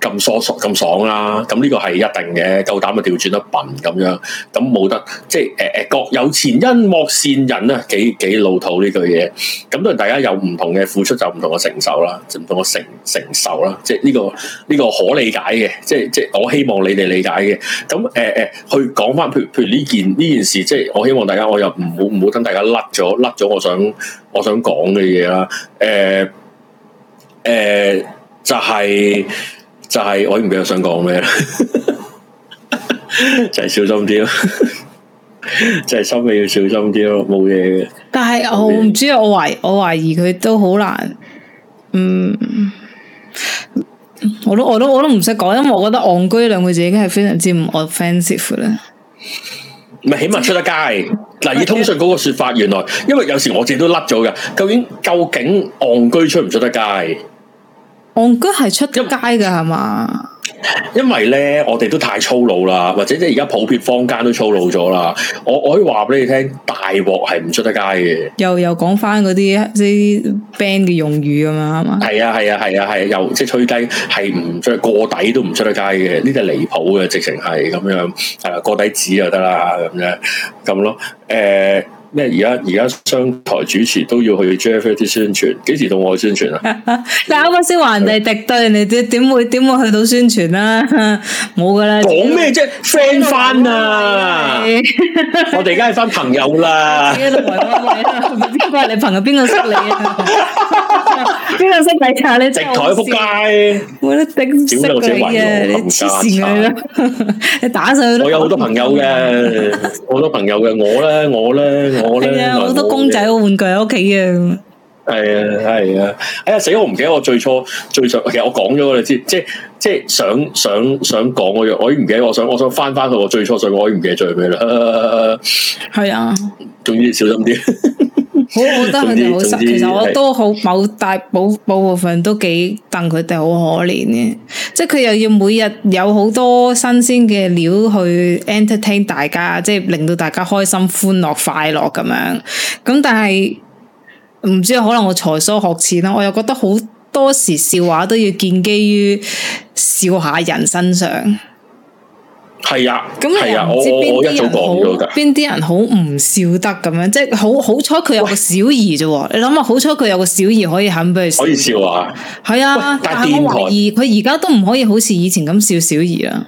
咁疏爽咁爽啦、啊，咁呢個係一定嘅，夠膽就調轉得笨咁樣，咁冇得即係誒誒，各有前因莫羨人啦，幾幾老土呢句嘢。咁當然大家有唔同嘅付出，就唔同嘅承受啦，就唔同嘅承承受啦，即係、呢、呢個呢、呢個可理解嘅，即係即係我希望你哋理解嘅。咁誒誒，去講翻，譬譬如呢件呢件事，即係我希望大家，我又唔好唔好等大家甩咗甩咗，我想我想講嘅嘢啦，誒、呃、誒、呃，就係、係。就係、是、我唔記得想講咩，就係小心啲咯，就係心理要小心啲咯，冇嘢嘅。但係我唔知啊，我懷我懷疑佢都好難，嗯，我都我都我都唔識講，因為我覺得戇居兩個字已經係非常之唔 offensive 啦。唔係起碼出得街嗱，以通訊嗰個說法，原來因為有時我自己都甩咗㗎，究竟究竟戇居出唔出得街？戇哥係出街噶係嘛？因為咧，我哋都太粗魯啦，或者即係而家普遍坊間都粗魯咗啦。我我可以話俾你聽，大鑊係唔出得街嘅。又又講翻嗰啲啲 band 嘅用語咁樣係嘛？係啊係啊係啊係，又即係吹雞係唔出得街，過底都唔出得街嘅。呢啲係離譜嘅，直情係咁樣係啦，過底紙就得啦咁樣咁咯，誒、呃。咩？而家而家商台主持都要去 J F A 啲宣傳，幾時到我去宣傳啊？嗱，我先話人哋敵對，人哋點會點會去到宣傳啊？冇噶啦，講咩啫？friend 翻啊！我哋而家係翻朋友啦。唔知怪你朋友邊個識你啊？邊個 識你下、啊、 你、啊？直台仆街，我都頂。我，黐線嘅！你打上去、啊，我有好多朋友嘅，好多朋友嘅，我咧，我咧。我呢我呢我呢係啊，好多公仔、玩具喺屋企啊。係啊，係啊。哎呀，死，我唔記得我最初最初，其實我講咗你知，即係即係想想想講嗰樣，我已經唔記得，我想我想翻翻去我最初想，我已經唔記得最咩啦。係啊，仲、啊啊、要小心啲。 好，我覺得佢哋好實。其實我都好是，某大，某部分都幾戥佢哋好可憐嘅。即係佢又要每日有好多新鮮嘅料去 entertain 大家，即係令到大家開心、歡樂、快樂咁樣。咁但係唔知可能我才疏學淺咯，我又覺得好多時笑話都要建基於笑下人身上。係啊，咁你唔知邊啲、啊、人，邊啲人好唔笑得咁樣，即係好好彩佢有個小兒啫。喂你諗下，好彩佢有個小兒可以肯笑，俾佢可以笑啊。係啊喂，但係我懷疑佢而家都唔可以好似以前咁笑小兒啊。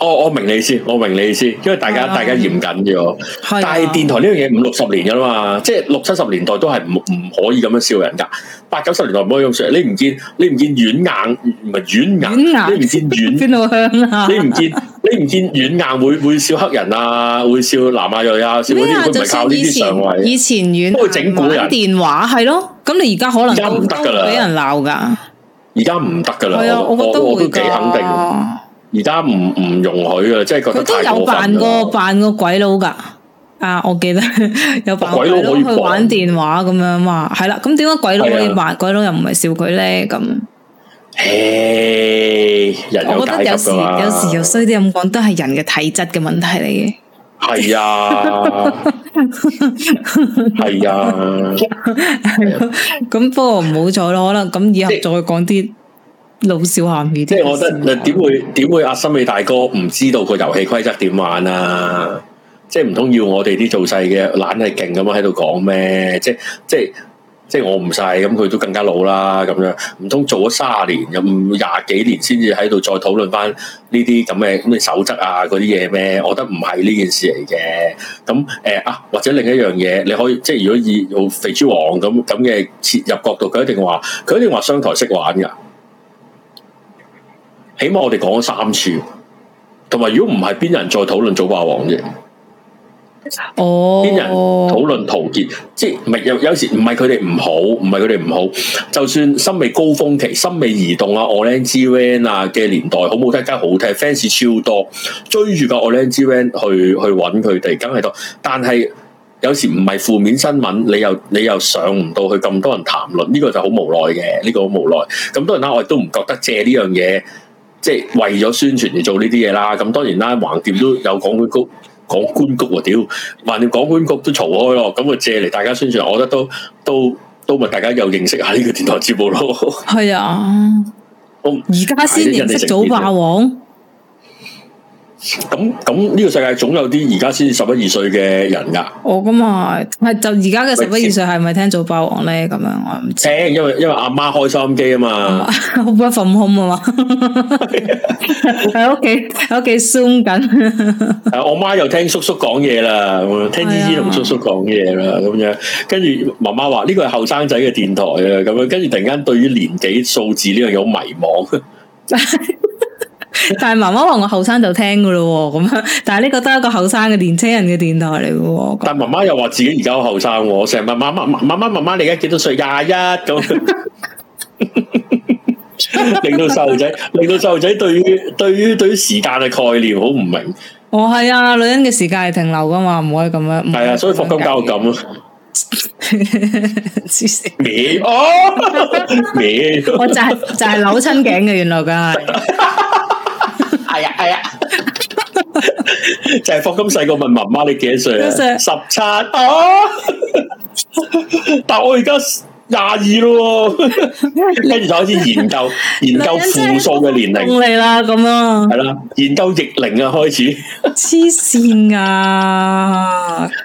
我我明你意思，我明你意思，因為大家大家嚴謹咗，但係電台呢樣嘢五六十年噶啦嘛，即係六七十年代都係唔唔可以咁樣笑人噶，八九十年代唔可以咁笑，你唔見你唔見軟硬唔係軟硬，你唔見軟，你唔見你唔見軟硬會會笑黑人啊，會笑南亞裔啊，笑啲佢唔係靠呢啲上位，以前軟，都係整蠱人，電話係咯，咁你而家可能而家唔得噶啦，俾人鬧噶，而家唔得噶啦，係啊，我我都幾肯定。而家唔唔容許啊！即係覺得太過分咯。佢都有扮過扮過鬼佬噶啊！我記得有、嗯、扮過鬼佬去玩電話咁樣嘛，係啦。咁點解鬼佬可以扮鬼佬又唔係笑佢咧？咁誒，人，我覺得有時有時又衰啲咁講，都係人嘅體質嘅問題嚟嘅。係啊，係 是啊。咁不過唔好再咯，可能咁以後再講啲你。老少咸宜，即係我覺得嗱，點會點會阿森美大哥唔知道個遊戲規則點玩啊？即係唔通要我哋啲做細嘅懶係勁咁樣喺度講咩？即係即係即係我唔細，咁佢都更加老啦，咁樣唔通做咗三十年又廿幾年先至喺度再討論翻呢啲咁嘅咁嘅守則啊嗰啲嘢咩？我覺得唔係呢件事嚟嘅。咁誒、呃、啊，或者另一樣嘢，你可以即係如果以用肥豬王咁咁嘅切入角度，佢一定話，佢一定話商台識玩噶。起碼我哋講咗三次，同埋如果唔係邊人再討論早霸王啫，哦，邊人討論陶傑，即係唔係有有時唔係佢哋唔好，唔係佢哋唔好，就算森美高峰期，森美移動啊、Orange Van 啊嘅年代，好冇得，真係好聽，fans 超多，追住個 Orange Van 去去搵佢哋，梗係多。但係有時唔係負面新聞，你又你又上唔到去咁多人談論，呢個就好無奈嘅，呢個好無奈。咁多人啦，我亦都唔覺得借呢樣嘢。即係為咗宣傳而做呢啲嘢啦，咁當然啦，橫掂都有港管局，港管局啊屌，橫掂港管局都嘈開咯，咁啊借嚟大家宣傳，我覺得都都都咪大家又認識下呢個電台節目咯。係啊，我而家先認識早霸王。 咁咁呢個世界總有啲而家先十一二歲嘅人噶，我咁啊係就而家嘅十一二歲係咪聽早霸王咧咁樣？我唔知聽，因為因為阿媽開收音機啊嘛，好不份 h 啊嘛，喺屋企喺屋企鬆緊，我媽又聽叔叔講嘢啦，聽姨姨同叔叔講嘢啦，咁樣跟住媽媽話呢個係後生仔嘅電台啊，咁樣跟住突然間對於年紀數字呢樣嘢好迷茫。 但係媽媽話我後生就聽噶咯咁樣，但係呢個都係一個後生嘅年青人嘅電台嚟嘅。但係媽媽又話自己而家好後生，我成日問媽媽、媽媽、媽媽、媽媽，你而家幾多歲？廿一咁，令到細路仔，令到細路仔對於對於對於時間嘅概念好唔明。哦，係啊，女人嘅時間係停留噶嘛，唔可以咁樣。係啊，所以霍金教我咁咯。你哦，你我就係就係扭親頸嘅，原來咁係。係 啊，就係霍金細個問媽媽你幾多歲啊？十七啊，但我而家廿二咯，跟住就開始研究研究負數嘅年齡啦咁咯，係啦，研究逆齡啊，開始黐線 啊！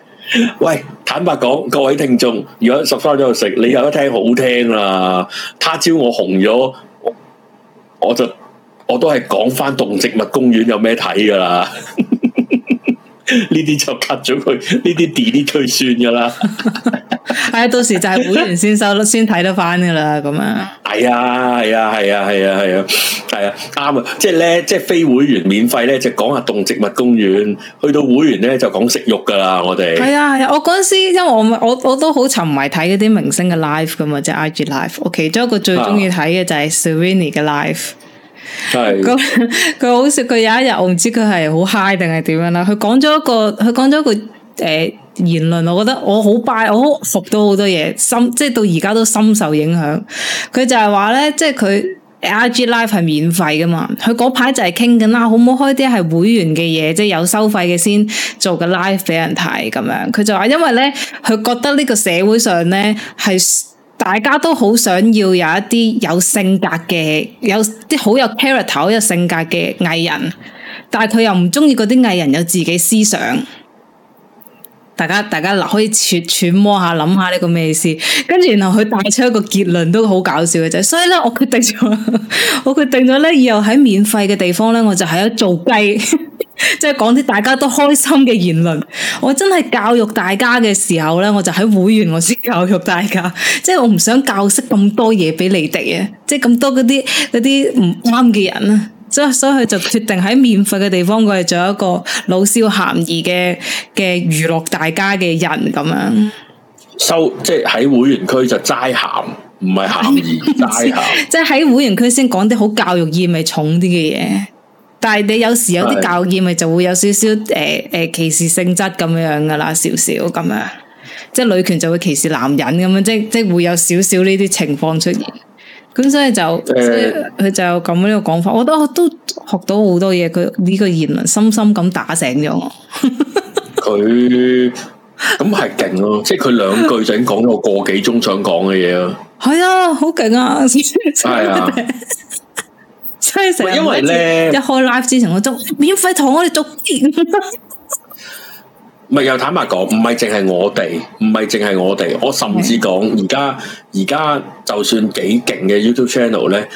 喂，坦白講，各位聽眾，如果十三都有食，你有得聽好聽啦，他朝我紅咗，我就。我都係講翻動植物公園有咩睇噶啦，呢啲就 cut 咗佢，呢啲 delete 佢算噶啦。係啊，到時就係會員先收，先睇得翻噶啦咁啊。係啊、 哎，係、哎、啊，係、哎、啊，係、哎、啊，係、哎、啊，啱、哎哎、啊！即係咧，即係非會員免費咧，就講下動植物公園，去到會員咧，就講食肉噶啦。我哋係啊，啊。我嗰陣時，因為我我我都好沉迷睇嗰啲明星嘅 live 噶嘛，即、就、係、是、IG live。我其中一個最中意睇嘅就係 Serrini 嘅 live。啊就是係，佢佢好笑，佢 有一日我唔知佢係好嗨定係點樣啦。佢講咗一個，佢講咗一個誒、呃、言論，我覺得我好拜，我好服到好多嘢，深即係到而家都深受影響。佢就係話咧，即係佢 IG live 係免費噶嘛，佢嗰排就係傾緊啦，好唔好開啲係會員嘅嘢，即係有收費嘅先做個 live 俾人睇咁樣。佢就話因為咧，佢覺得呢個社會上咧係。大家都好想要有一啲有性格嘅，有啲好有 character、好有性格嘅藝人，但係佢又唔中意嗰啲藝人有自己思想。大家大家可以揣揣摩下諗下呢個咩意思，跟住然後佢帶出一個結論都好搞笑嘅就，所以咧我決定咗，我決定咗咧以後喺免費嘅地方咧，我就喺度做雞，即係講啲大家都開心嘅言論。我真係教育大家嘅時候咧，我就喺會員我先教育大家，即係我唔想教識咁多嘢俾你哋啊，即係咁多嗰啲嗰啲唔啱嘅人所以，所以佢就決定喺免費嘅地方，佢係做一個老少咸宜嘅嘅娛樂大家嘅人咁樣、嗯。收即係喺會員區就齋鹹，唔係咸宜齋鹹。 喊 即係喺會員區先講啲好教育意味重啲嘅嘢，但係你有時有啲教義咪就會有少少誒誒是的、呃、歧視性質咁樣㗎喇，少少咁樣。即係女權就會歧視男人咁樣，即即會有少少呢啲情況出現。咁所以就，即佢、呃、就有咁樣呢個講法，我都我都學到好多嘢，佢呢個言論深深咁打醒咗我他。佢咁係勁咯，即係佢兩句就已經講咗個幾鐘想講嘅嘢啊！係啊，好勁啊！係啊，所以成因為咧，一開 live 之前我就免費同我哋做。 唔係又坦白講，唔係淨係我哋，唔係淨係我哋。我甚至講而家而家就算幾勁嘅 YouTube channel 咧，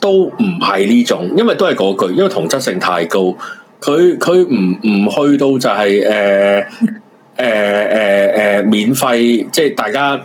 都唔係呢種，因為都係嗰句，因為同質性太高。佢佢唔唔去到就係誒誒誒誒免費，即係大家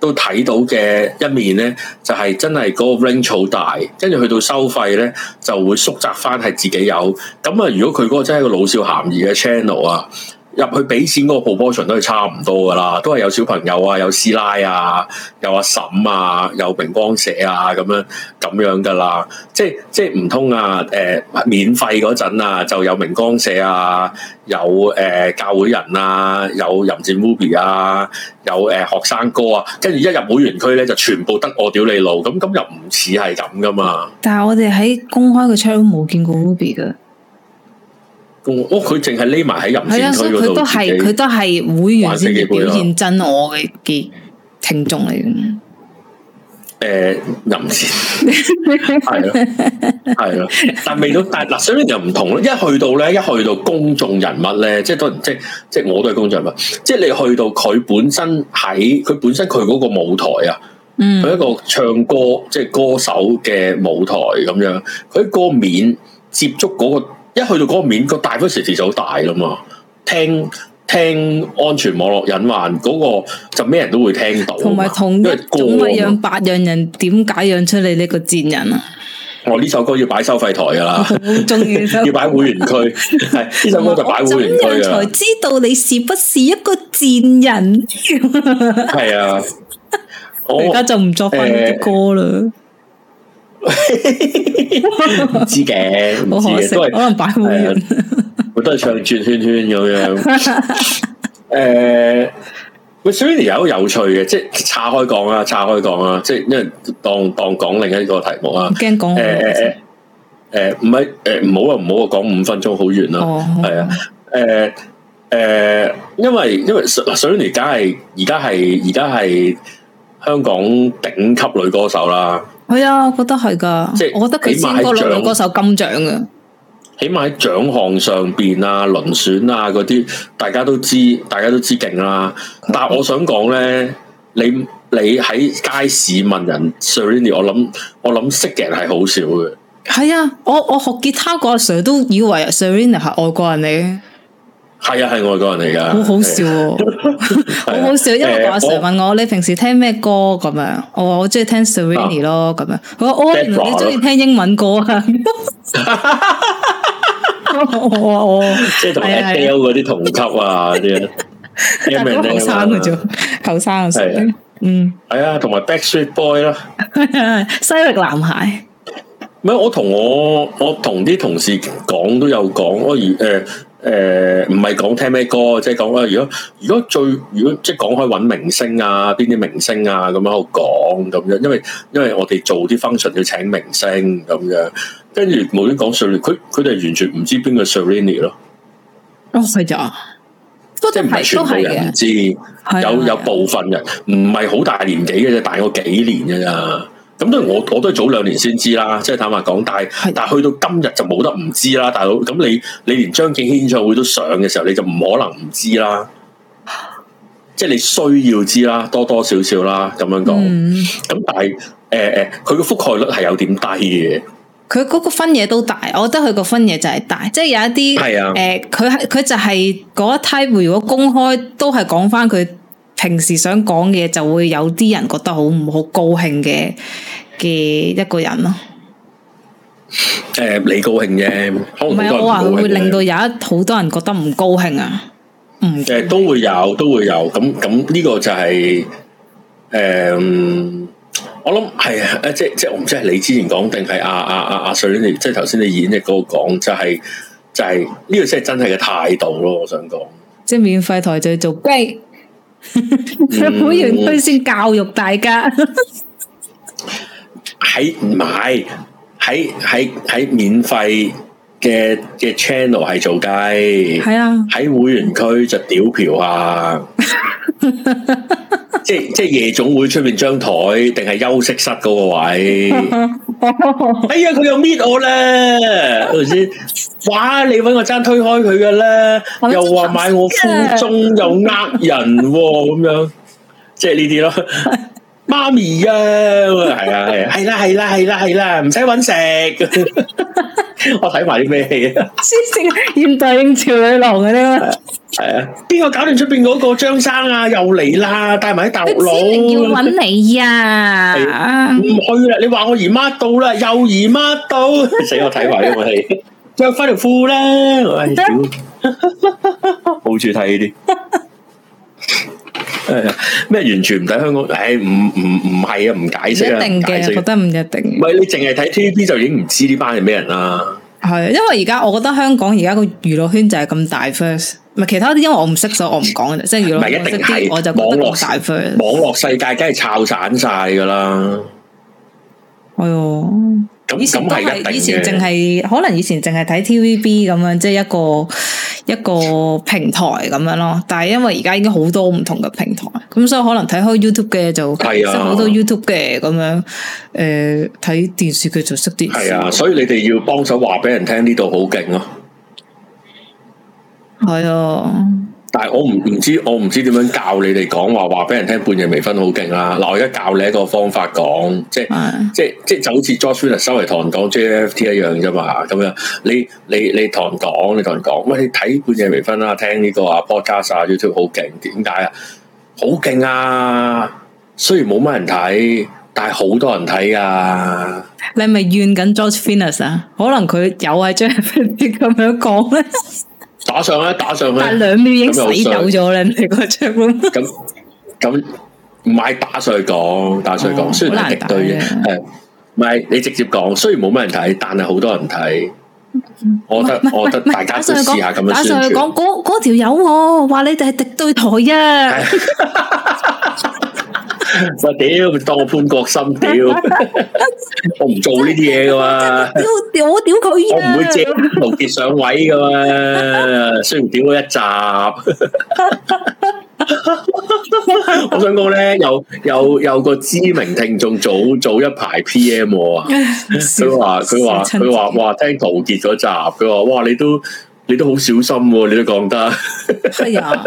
都睇到嘅一面咧，就係真係嗰個 range 好大。跟住去到收費咧，就會縮窄翻係自己有。咁啊，如果佢嗰個真係個老少咸宜嘅 channel 啊～入去俾錢嗰個 proportion 都係差唔多噶啦，都係有小朋友啊，有師奶啊，有阿嬸啊，有明光社啊咁樣咁樣噶啦，即係即係唔通啊？誒、呃，免費嗰陣啊，就有明光社啊，有誒、呃、教會人啊，有淫戰 Ruby 啊，有誒、呃、學生哥啊，跟住一入會員區咧就全部得我屌你老，咁咁又唔似係咁噶嘛？但係我哋喺公開嘅窗戶冇見過 Ruby 嘅。哦，佢淨係匿埋喺入邊佢嗰度。佢、嗯、都係佢都係會員、呃、先表現真我嘅嘅聽眾嚟嘅。誒、啊，入邊係咯係咯，但係未到但嗱，所以又唔同咯。一去到咧，一去到公眾人物咧，即係都然，即即係我都係公眾人物。即係你去到佢本身喺佢本身佢嗰個舞台啊，佢、嗯、一個唱歌即係歌手嘅舞台咁樣，佢個面接觸嗰、嗰個。一去到嗰個面，個大忽時，時就好大啦嘛！聽聽安全網絡隱患嗰、那個，就咩人都會聽到。同埋統一，總係養八樣人，點解養出嚟呢個賤人啊？我呢、哦、首歌要擺收費台噶啦，好中意 要擺會員區。係呢 首歌就擺會員區啊！才知道你是不是一個賤人？係 啊，我而家 就唔作翻啲歌啦。欸唔知嘅，唔知嘅，都係可能擺烏龍，都係唱轉圈圈咁樣。誒，喂，Sunny 有好有趣嘅，即係岔開講啊，岔開講啊，即係因為當當講另一個題目啊。驚講誒誒誒，唔係誒，唔好啊，唔好啊，講五分鐘好遠啦，係啊，誒誒，因為因為嗱，Sunny 梗係而家係而家係香港頂級女歌手啦。係啊，我覺得係噶，即係我覺得佢先攞到兩個獎金獎嘅。起碼喺獎項上邊啊，輪選啊嗰啲，大家都知，大家都知勁啦。嗯、但係我想講咧，你你喺街市問人 Serena，我諗我諗識嘅人係好少嘅。係啊，我我學吉他個阿 Sir 都以為 Serena 係外國人嚟嘅。係啊，係外國人嚟噶。好好笑，好好笑。因為阿 Sir 問我，你平時聽咩歌咁樣，我話我中意聽 Serenity 咯咁樣。我我唔中意聽英文歌啊。我我即係同 Adele 嗰啲同級啊嗰啲。但係都後生嘅啫，後生啊，係啊，嗯。係啊，同埋 Backstreet Boy 咯，西域男孩。咩？我同我我同啲同事講都有講，我而誒。誒，唔係講聽咩歌，即係講啦。如果如果最如果即係講開搵明星啊，邊啲明星啊咁樣喺度講咁樣，因為因為我哋做啲 function 要請明星咁樣，跟住無端講 Serrini 佢佢哋完全唔知邊個 Serrini 咯。哦，係啊，即係唔係全部人知，的有有部分人唔係好大年紀嘅啫，大我幾年嘅咋。咁都我我都係早兩年先知啦，即係坦白講，但係是 但係去到今日就冇得唔知啦，大佬。咁你你連張敬軒演唱會都上嘅時候，你就唔可能唔知啦。即係你需要知啦，多多少少啦，咁樣講。咁、嗯、但係誒誒，佢、呃、嘅、呃、覆蓋率係有點低嘅。佢嗰個分野都大，我覺得佢個分野就係大，即、就、係、是、有一啲係是啊、呃。誒，佢係佢就係嗰一 type，如果公開都係講翻佢。平時想講嘅嘢就會有啲人覺得好唔好高興嘅嘅一個人咯。誒、呃，你高興嘅，唔係我話會令到有一好多人覺得唔高興啊，唔誒、呃、都會有都會有咁咁呢個就係、是、誒、呃，我諗係啊，誒、哎、即係即係我唔知係你之前講定係阿阿阿阿水，你即係頭先你演繹嗰個講就係、是、就係、是、呢、這個即係真係嘅態度咯，我想講即係免費台就做喺 會員區先教育大家，嗯，喺唔買喺喺喺免費嘅嘅 channel 係做雞，係啊喺會員區就屌嫖啊。 即係即係夜總會出面張台，定係休息室嗰個位？ 哎呀，佢又搣我啦，頭先？哇！你搵我爭推開佢嘅啦， 又話買我副鐘又呃人咁 樣，即係呢啲咯。 媽咪呀，係啊係，係啦係啦係啦係啦，唔使揾食，我睇埋啲咩戲啊？《現代應召女郎》嗰啲，係啊，邊個搞掂出面嗰個張生啊？又嚟啦，帶埋啲豆佬，要揾你啊！唔去啦，你話我姨媽到啦，又姨媽到，死我睇埋啲戲，着翻條褲啦！我屌，好中意睇呢啲。咩完全唔睇香港？唉、哎，唔唔唔係啊，唔解釋啊，一定嘅，覺得唔一定。唔係你淨係睇 T V B 就已經唔知呢班係咩人啦。係，因為而家我覺得香港而家個娛樂圈就係咁大 first，唔係其他啲，因為我唔識咗，我唔講嘅啫。即係娛樂，我就覺得大 first。網絡世界梗係炒散晒噶啦。係啊、哎呦，咁咁係以前淨係可能以前淨係睇 T V B 咁樣，即係一個。一個平台咁樣咯，但係因為而家應該好多唔同嘅平台，咁所以可能睇開 YouTube 嘅就識好多 YouTube 嘅咁係啊，樣，誒、呃、睇電視佢就識啲電視。係啊，所以你哋要幫手話俾人聽呢度好勁咯。係啊。但係我唔唔知，嗯、我唔知點樣教你哋講話話俾人聽半夜微醺好勁啦。嗱，我而家教你一個方法講，即係、嗯、即係即係就好似 Josh Finnis 收嚟同人講 JFT 一樣啫嘛。咁樣你你你同人講，你同人講，喂，你睇半夜微醺啦，啊，聽呢個啊 Podcast 啊 YouTube 好勁，點解啊？好勁啊！雖然冇乜人睇，但係好多人睇啊！你係咪怨緊 Josh Finnis 啊？可能佢有喺 JFT 咁樣講咧。 打上去，打上去，但兩秒已經死走咗啦，你個桌咁咁唔係打上去講，打上去講，雖然係敵對嘅，係唔係？你直接講，雖然冇咩人睇，但係好多人睇。我覺得我覺得，大家都試下咁樣打上去講。嗰嗰條友，話你哋係敵對台啊！我屌， 當我潘國森屌， 我唔做呢啲嘢噶嘛？屌， 我屌佢，我唔會借陶杰上位噶嘛，雖然屌咗一集。 我想講咧，有有有個知名聽眾早早一排 P M 啊，佢話佢話佢話哇，聽陶傑嗰集，佢話哇，你都。你都好小心喎、哦，你都講得係啊呀！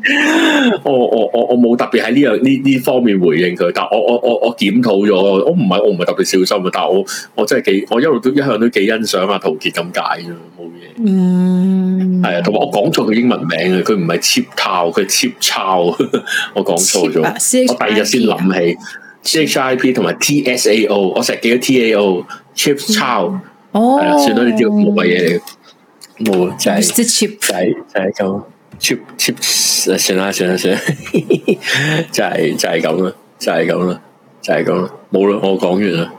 我我我我冇特別喺呢樣呢呢方面回應佢，但係我我我我檢討咗，我唔係我唔係特別小心，但係我我真係幾我一路都一向都幾欣賞阿陶傑咁解嘅冇嘢。嗯，係啊，同埋我講錯佢英文名啊，佢唔係 cheap tao，佢 cheap 抄，我講錯咗，I、我第二日先諗起 c h i p 抄同埋 T S A O，我成日記得 T A O cheap 抄、嗯、係、哦、啦，算多啲啲冇謂嘢冇，就係、是、 就係就係咁 cheap cheap，算啦算啦算啦，就係就係咁啦，就係咁啦，就係咁啦，冇啦，我講完啦，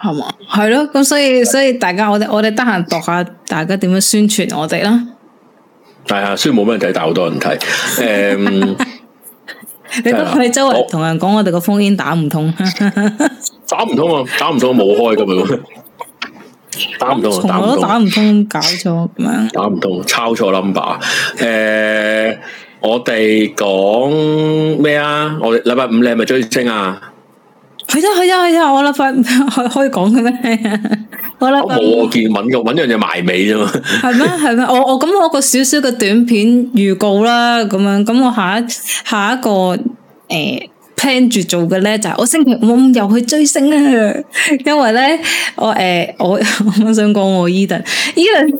係嘛，係咯，咁所以所以大家我哋我哋得閒度下大家點樣宣傳我哋啦，係啊，雖然冇乜人睇，但好多人睇。誒、um， 你可唔可以周圍同、哦、人講我哋個 phone-in 打唔通， 打唔通啊，打唔通冇開咁樣。 打唔到，我都打唔通，搞錯咩？打唔通，抄錯 number。誒，我哋講咩啊？我禮拜五你係咪追星啊？係啊係啊係啊！我禮拜可可以講嘅咩？我我我見穩個，搵樣嘢就埋尾啫嘛。係咩係咩？我我咁我個少少嘅短片預告啦，咁樣咁我下一下一個誒。plan 住做嘅呢，就係、是、我星期五又去追星啊！因為呢，我誒、欸，我我想講我 Edan，Edan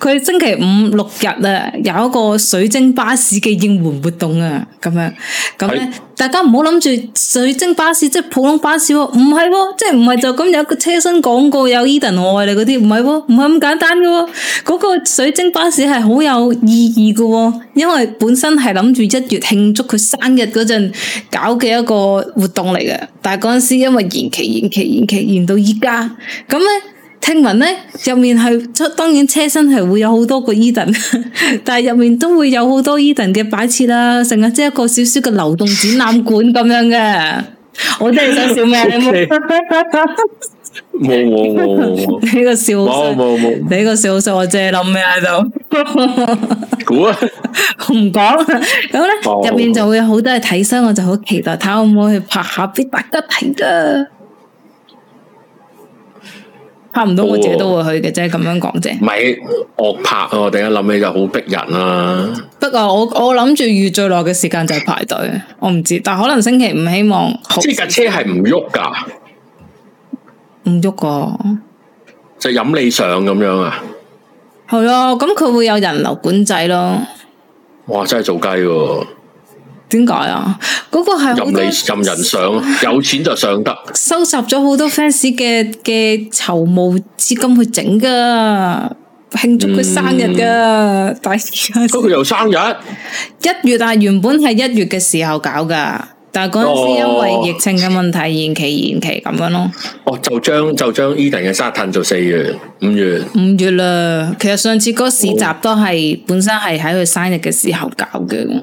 佢星期五六日啊，有一個水晶巴士嘅應援活動啊，咁樣咁呢。大家唔好諗住水晶巴士即普通巴士喎，唔係喎，即唔係就咁有一個車身廣告有 Edan 嚟嗰啲，唔係喎，唔係咁簡單噶、啊。嗰、那個水晶巴士係好有意義噶、啊，因為本身係諗住一月慶祝佢生日嗰陣搞嘅一個活動嚟嘅，但係嗰陣時因為延期延期延期延期延期延到依家，咁咧。聽聞咧，入面係出，當然車身係會有好多個 Eden 但係入面都會有好多 Eden 嘅擺設啦，成日即係一個小小嘅流動展覽館咁樣嘅。我真係想笑咩 不說？冇冇冇！你個笑你個笑我真係諗咩喺度？估啊！唔講咁咧，入面就會有好多嘅睇身，我就好期待睇下可唔可以拍下俾大家睇噶。差唔多我自己都會去嘅啫，咁、哦、樣講啫。唔係惡拍啊！我突然間諗起就好逼人啦。不過我我諗住預最耐嘅時間就係排隊，我唔知，但可能星期五希望。即架車係唔喐噶，唔喐啊！就飲你上咁樣啊？係咯、嗯，咁佢會有人流管制咯。哇！真係做雞。點解啊？嗰、那個係好多任，你任人上 有錢就上得。收集咗好多 fans 嘅嘅籌募資金去整噶，慶祝佢生日噶，大家、嗯。佢 又生日？一月啊，原本係一月嘅時候搞噶，但係嗰陣時因為疫情嘅問題，延期延期咁樣咯、哦。哦，就將就將 Edan 嘅沙灘做四月、月五月。五月啦，其實上次嗰市集都係、哦、本身係喺佢生日嘅時候搞嘅。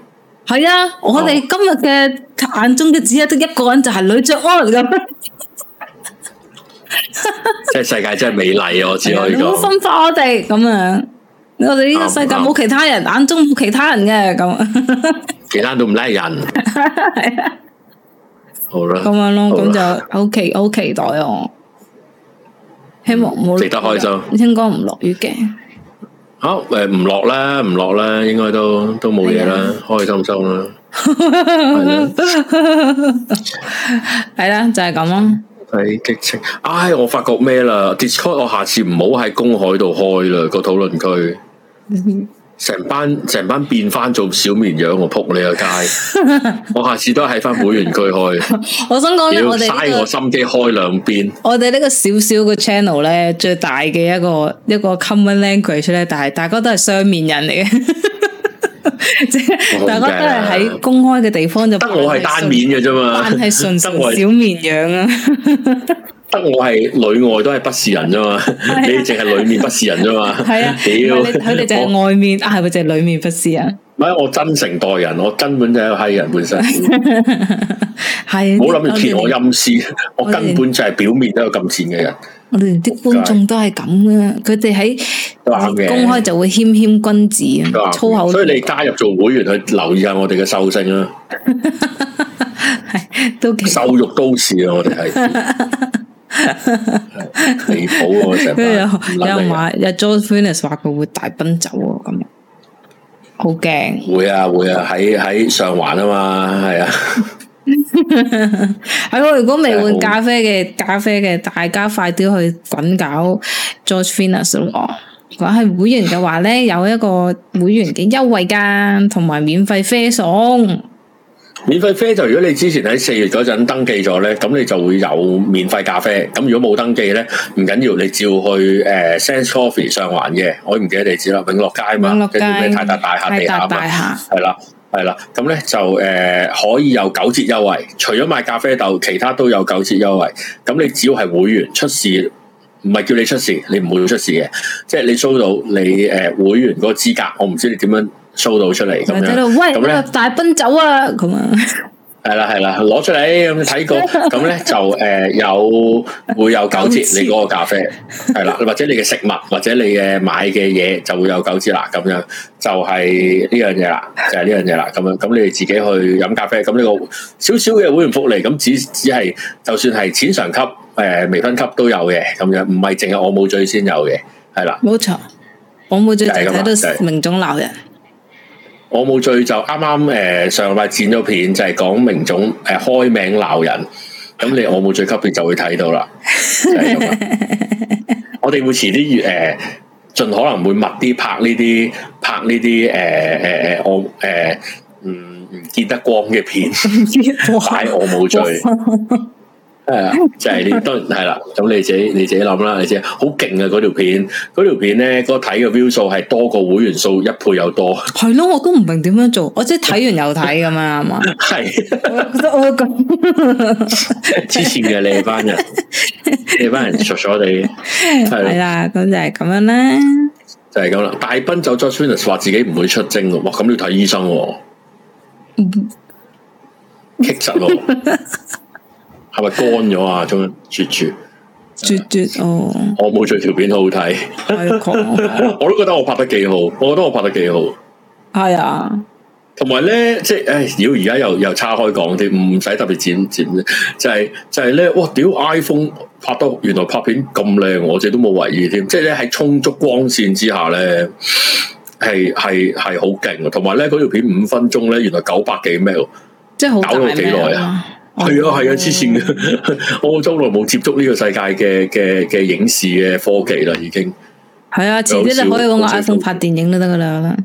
係啊，我哋今日嘅眼中嘅只得一個人就係呂着安咁。即係世界真係美麗啊，我只可以唔好分化我哋咁樣，我哋呢個世界冇其他人，眼中冇其他人嘅咁。其他都唔叻人。係啊。好啦。咁樣咯，咁就好期好期待哦。希望唔好。值得開心。應該唔落雨嘅。好誒，唔落啦，唔落啦，應該都都冇嘢啦，開心收啦，係啦，係啦，就係咁咯。睇激情，唉，我發覺咩啦？Discord，我下次唔好喺公海度開啦個討論區。成班成班變翻做小綿羊，我撲你個街！ 我下次都喺翻會員區開。 我想講嘢、這個，我哋嘥我心機開兩邊。我哋呢個小小嘅 channel 咧，最大嘅一個一個 common language 咧，但係大家都係雙面人嚟嘅，即 係大家都係喺公開嘅地方就 得我係單面嘅啫嘛，但係淨得我係小綿羊啊！ 得我係裏外都係不是人啫嘛， 你淨係裏面不是人啫嘛。係 啊，屌都，佢哋淨係外面係咪？淨係我、啊、裏面不是啊？唔係我真誠待人，我根本就係個閪人本身。係 的，啊，唔好諗住揭我陰們私，我根本就係表面都有咁賤嘅人。 我哋啲觀眾都係咁嘅，佢哋喺公開就會謙謙君子啊，粗口。 所以你加入做會員去留意下我哋嘅獸性啊。係， 都獸肉都是啊，我哋係。你 好，我成日有人話有 George Finnis 話佢會大奔走啊，咁好驚會啊會啊，喺喺上環啊嘛，係啊。係我如果未換咖啡嘅咖啡嘅，大家快啲去滾搞 George Finnis 咯。講係會員嘅話咧，有一個會員嘅優惠價同埋免費啡送。免費啡就如果你之前喺四月嗰陣登記咗咧，咁你就會有免費咖啡。咁如果冇登記咧，唔緊要，你照去誒 Central Coffee 上環嘅，我唔記得地址啦，永樂街嘛，跟住咩泰達大廈地下啊嘛，係啦係啦，咁咧就誒、呃、可以有九折優惠，除咗買咖啡豆，其他都有九折優惠。咁你只要係會員出事，唔係叫你出事，你唔會出事嘅，即、就、係、是、你 show 到你誒、呃、會員嗰個資格，我唔知你點樣。掃到出嚟咁樣，咁咧大奔走啊，咁啊，係啦係啦，攞出嚟咁睇過，咁咧就誒有會有九折，你嗰個咖啡係啦，或者你嘅食物，或者你嘅買嘅嘢，就會有九折啦，咁樣就係呢樣嘢啦，就係呢樣嘢啦，咁樣，咁你哋自己去飲咖啡，咁呢個少少嘅會員福利，咁只只係就算係淺嘗級誒微醺級，都有嘅，咁樣唔係淨係我冇醉先有嘅，係啦，冇錯，我冇醉就喺度明總鬧人。我冇醉就啱啱誒上禮拜剪咗片就，就係講明總誒開名鬧人，咁你我冇醉級別就會睇到啦 、呃。我哋會遲啲誒、呃，盡可能會密啲拍呢啲拍呢啲誒誒誒，我誒唔唔見得光嘅片，解 我冇醉。 係啊，就係呢，當然係啦。咁你自己，你自己諗啦。你自己。好勁啊！嗰條片，嗰條片咧，嗰個睇嘅 view 數係多過會員數一倍又多。係咯，我都唔明點樣做。我即係睇完又睇咁啊嘛。係，我覺得我咁，之前嘅你班人，你班人傻傻地。係啦，咁就係咁樣啦。就係咁啦。大斌就 John Smith 話自己唔會出征咯。咁要睇醫生。嗯。棘質咯。係咪干咗啊？仲絕絕絕絕哦！我冇做條片好好睇 我都覺得我拍得幾好，我覺得我拍得幾好。係啊、哎呀，同埋咧，即係誒，如果而家又又叉開講啲，唔使特別剪剪，就係、是、就係、是、咧，哇！屌 iPhone 拍得原來拍片咁靚，我哋都冇懷疑添。即係咧，喺充足光綫之下咧，係係係好勁。同埋咧，嗰條片五分鐘咧，原來九百幾秒，即係搞咗幾耐啊！係 啊，係啊，黐線嘅，啊、 我好耐冇接觸呢個世界嘅嘅嘅影視嘅科技啦，已經係啊，遲啲你可以用 iPhone 拍電影都得噶啦。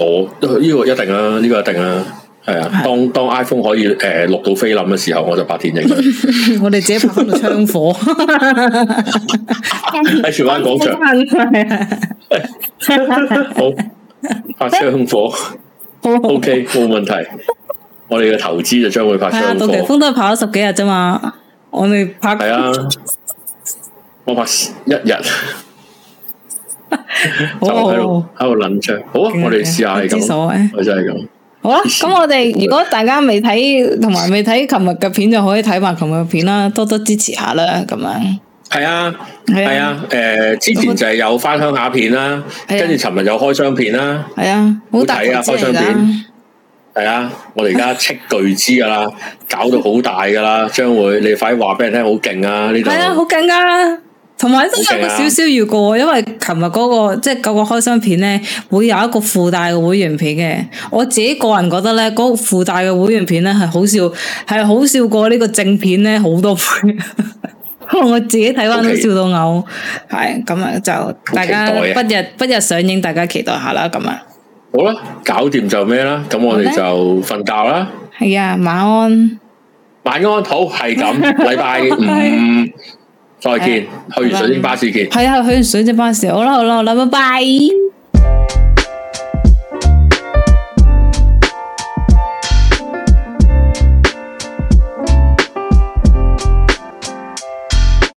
我呢、這個一定啦、啊，呢、這個一定啦、啊。係啊。當當 iPhone 可以誒錄、呃、到菲林嘅時候，我就拍電影。我哋自己拍到槍火喺荃灣廣場， 好拍槍火，OK，冇問題。我哋嘅投資就將會發生。係啊，杜琪峯都係拍咗十幾日啫嘛，我哋拍。係啊，我拍一日就喺度喺度諗住。好啊，我哋試下係咁，我真係咁。好啦，咁我哋如果大家未睇，同埋未睇琴日嘅片，就可以睇埋琴日嘅片啦。多多支持下啦，咁樣。係啊，係啊，誒，之前就係有翻鄉下片啦，跟住尋日有開箱片啦，係啊，好睇啊，開箱片。係啊，我哋而家斥巨資噶啦， 搞到好大噶啦，將會你快啲話俾人聽好勁啊！呢度係啊，好勁啊！同埋都有一個少少預告，因為琴日嗰個即係嗰個開箱片咧，會有一個附帶嘅會員片嘅。我自己個人覺得咧，嗰、嗰個、附帶嘅會員片咧係好笑，係好笑過呢個正片咧好多倍。 我自己睇翻都笑到嘔，係咁啊！就大家不、啊、日不日，日，日上映，大家期待下啦，咁啊！好啦，搞掂就咩啦，咁我哋就瞓覺啦。係啊，晚安，晚安。好，係咁，禮拜 五 再見，哎、呀去完水晶巴士見。係拜啊，去完水晶巴士，好啦，好啦，好啦，好啦，拜拜。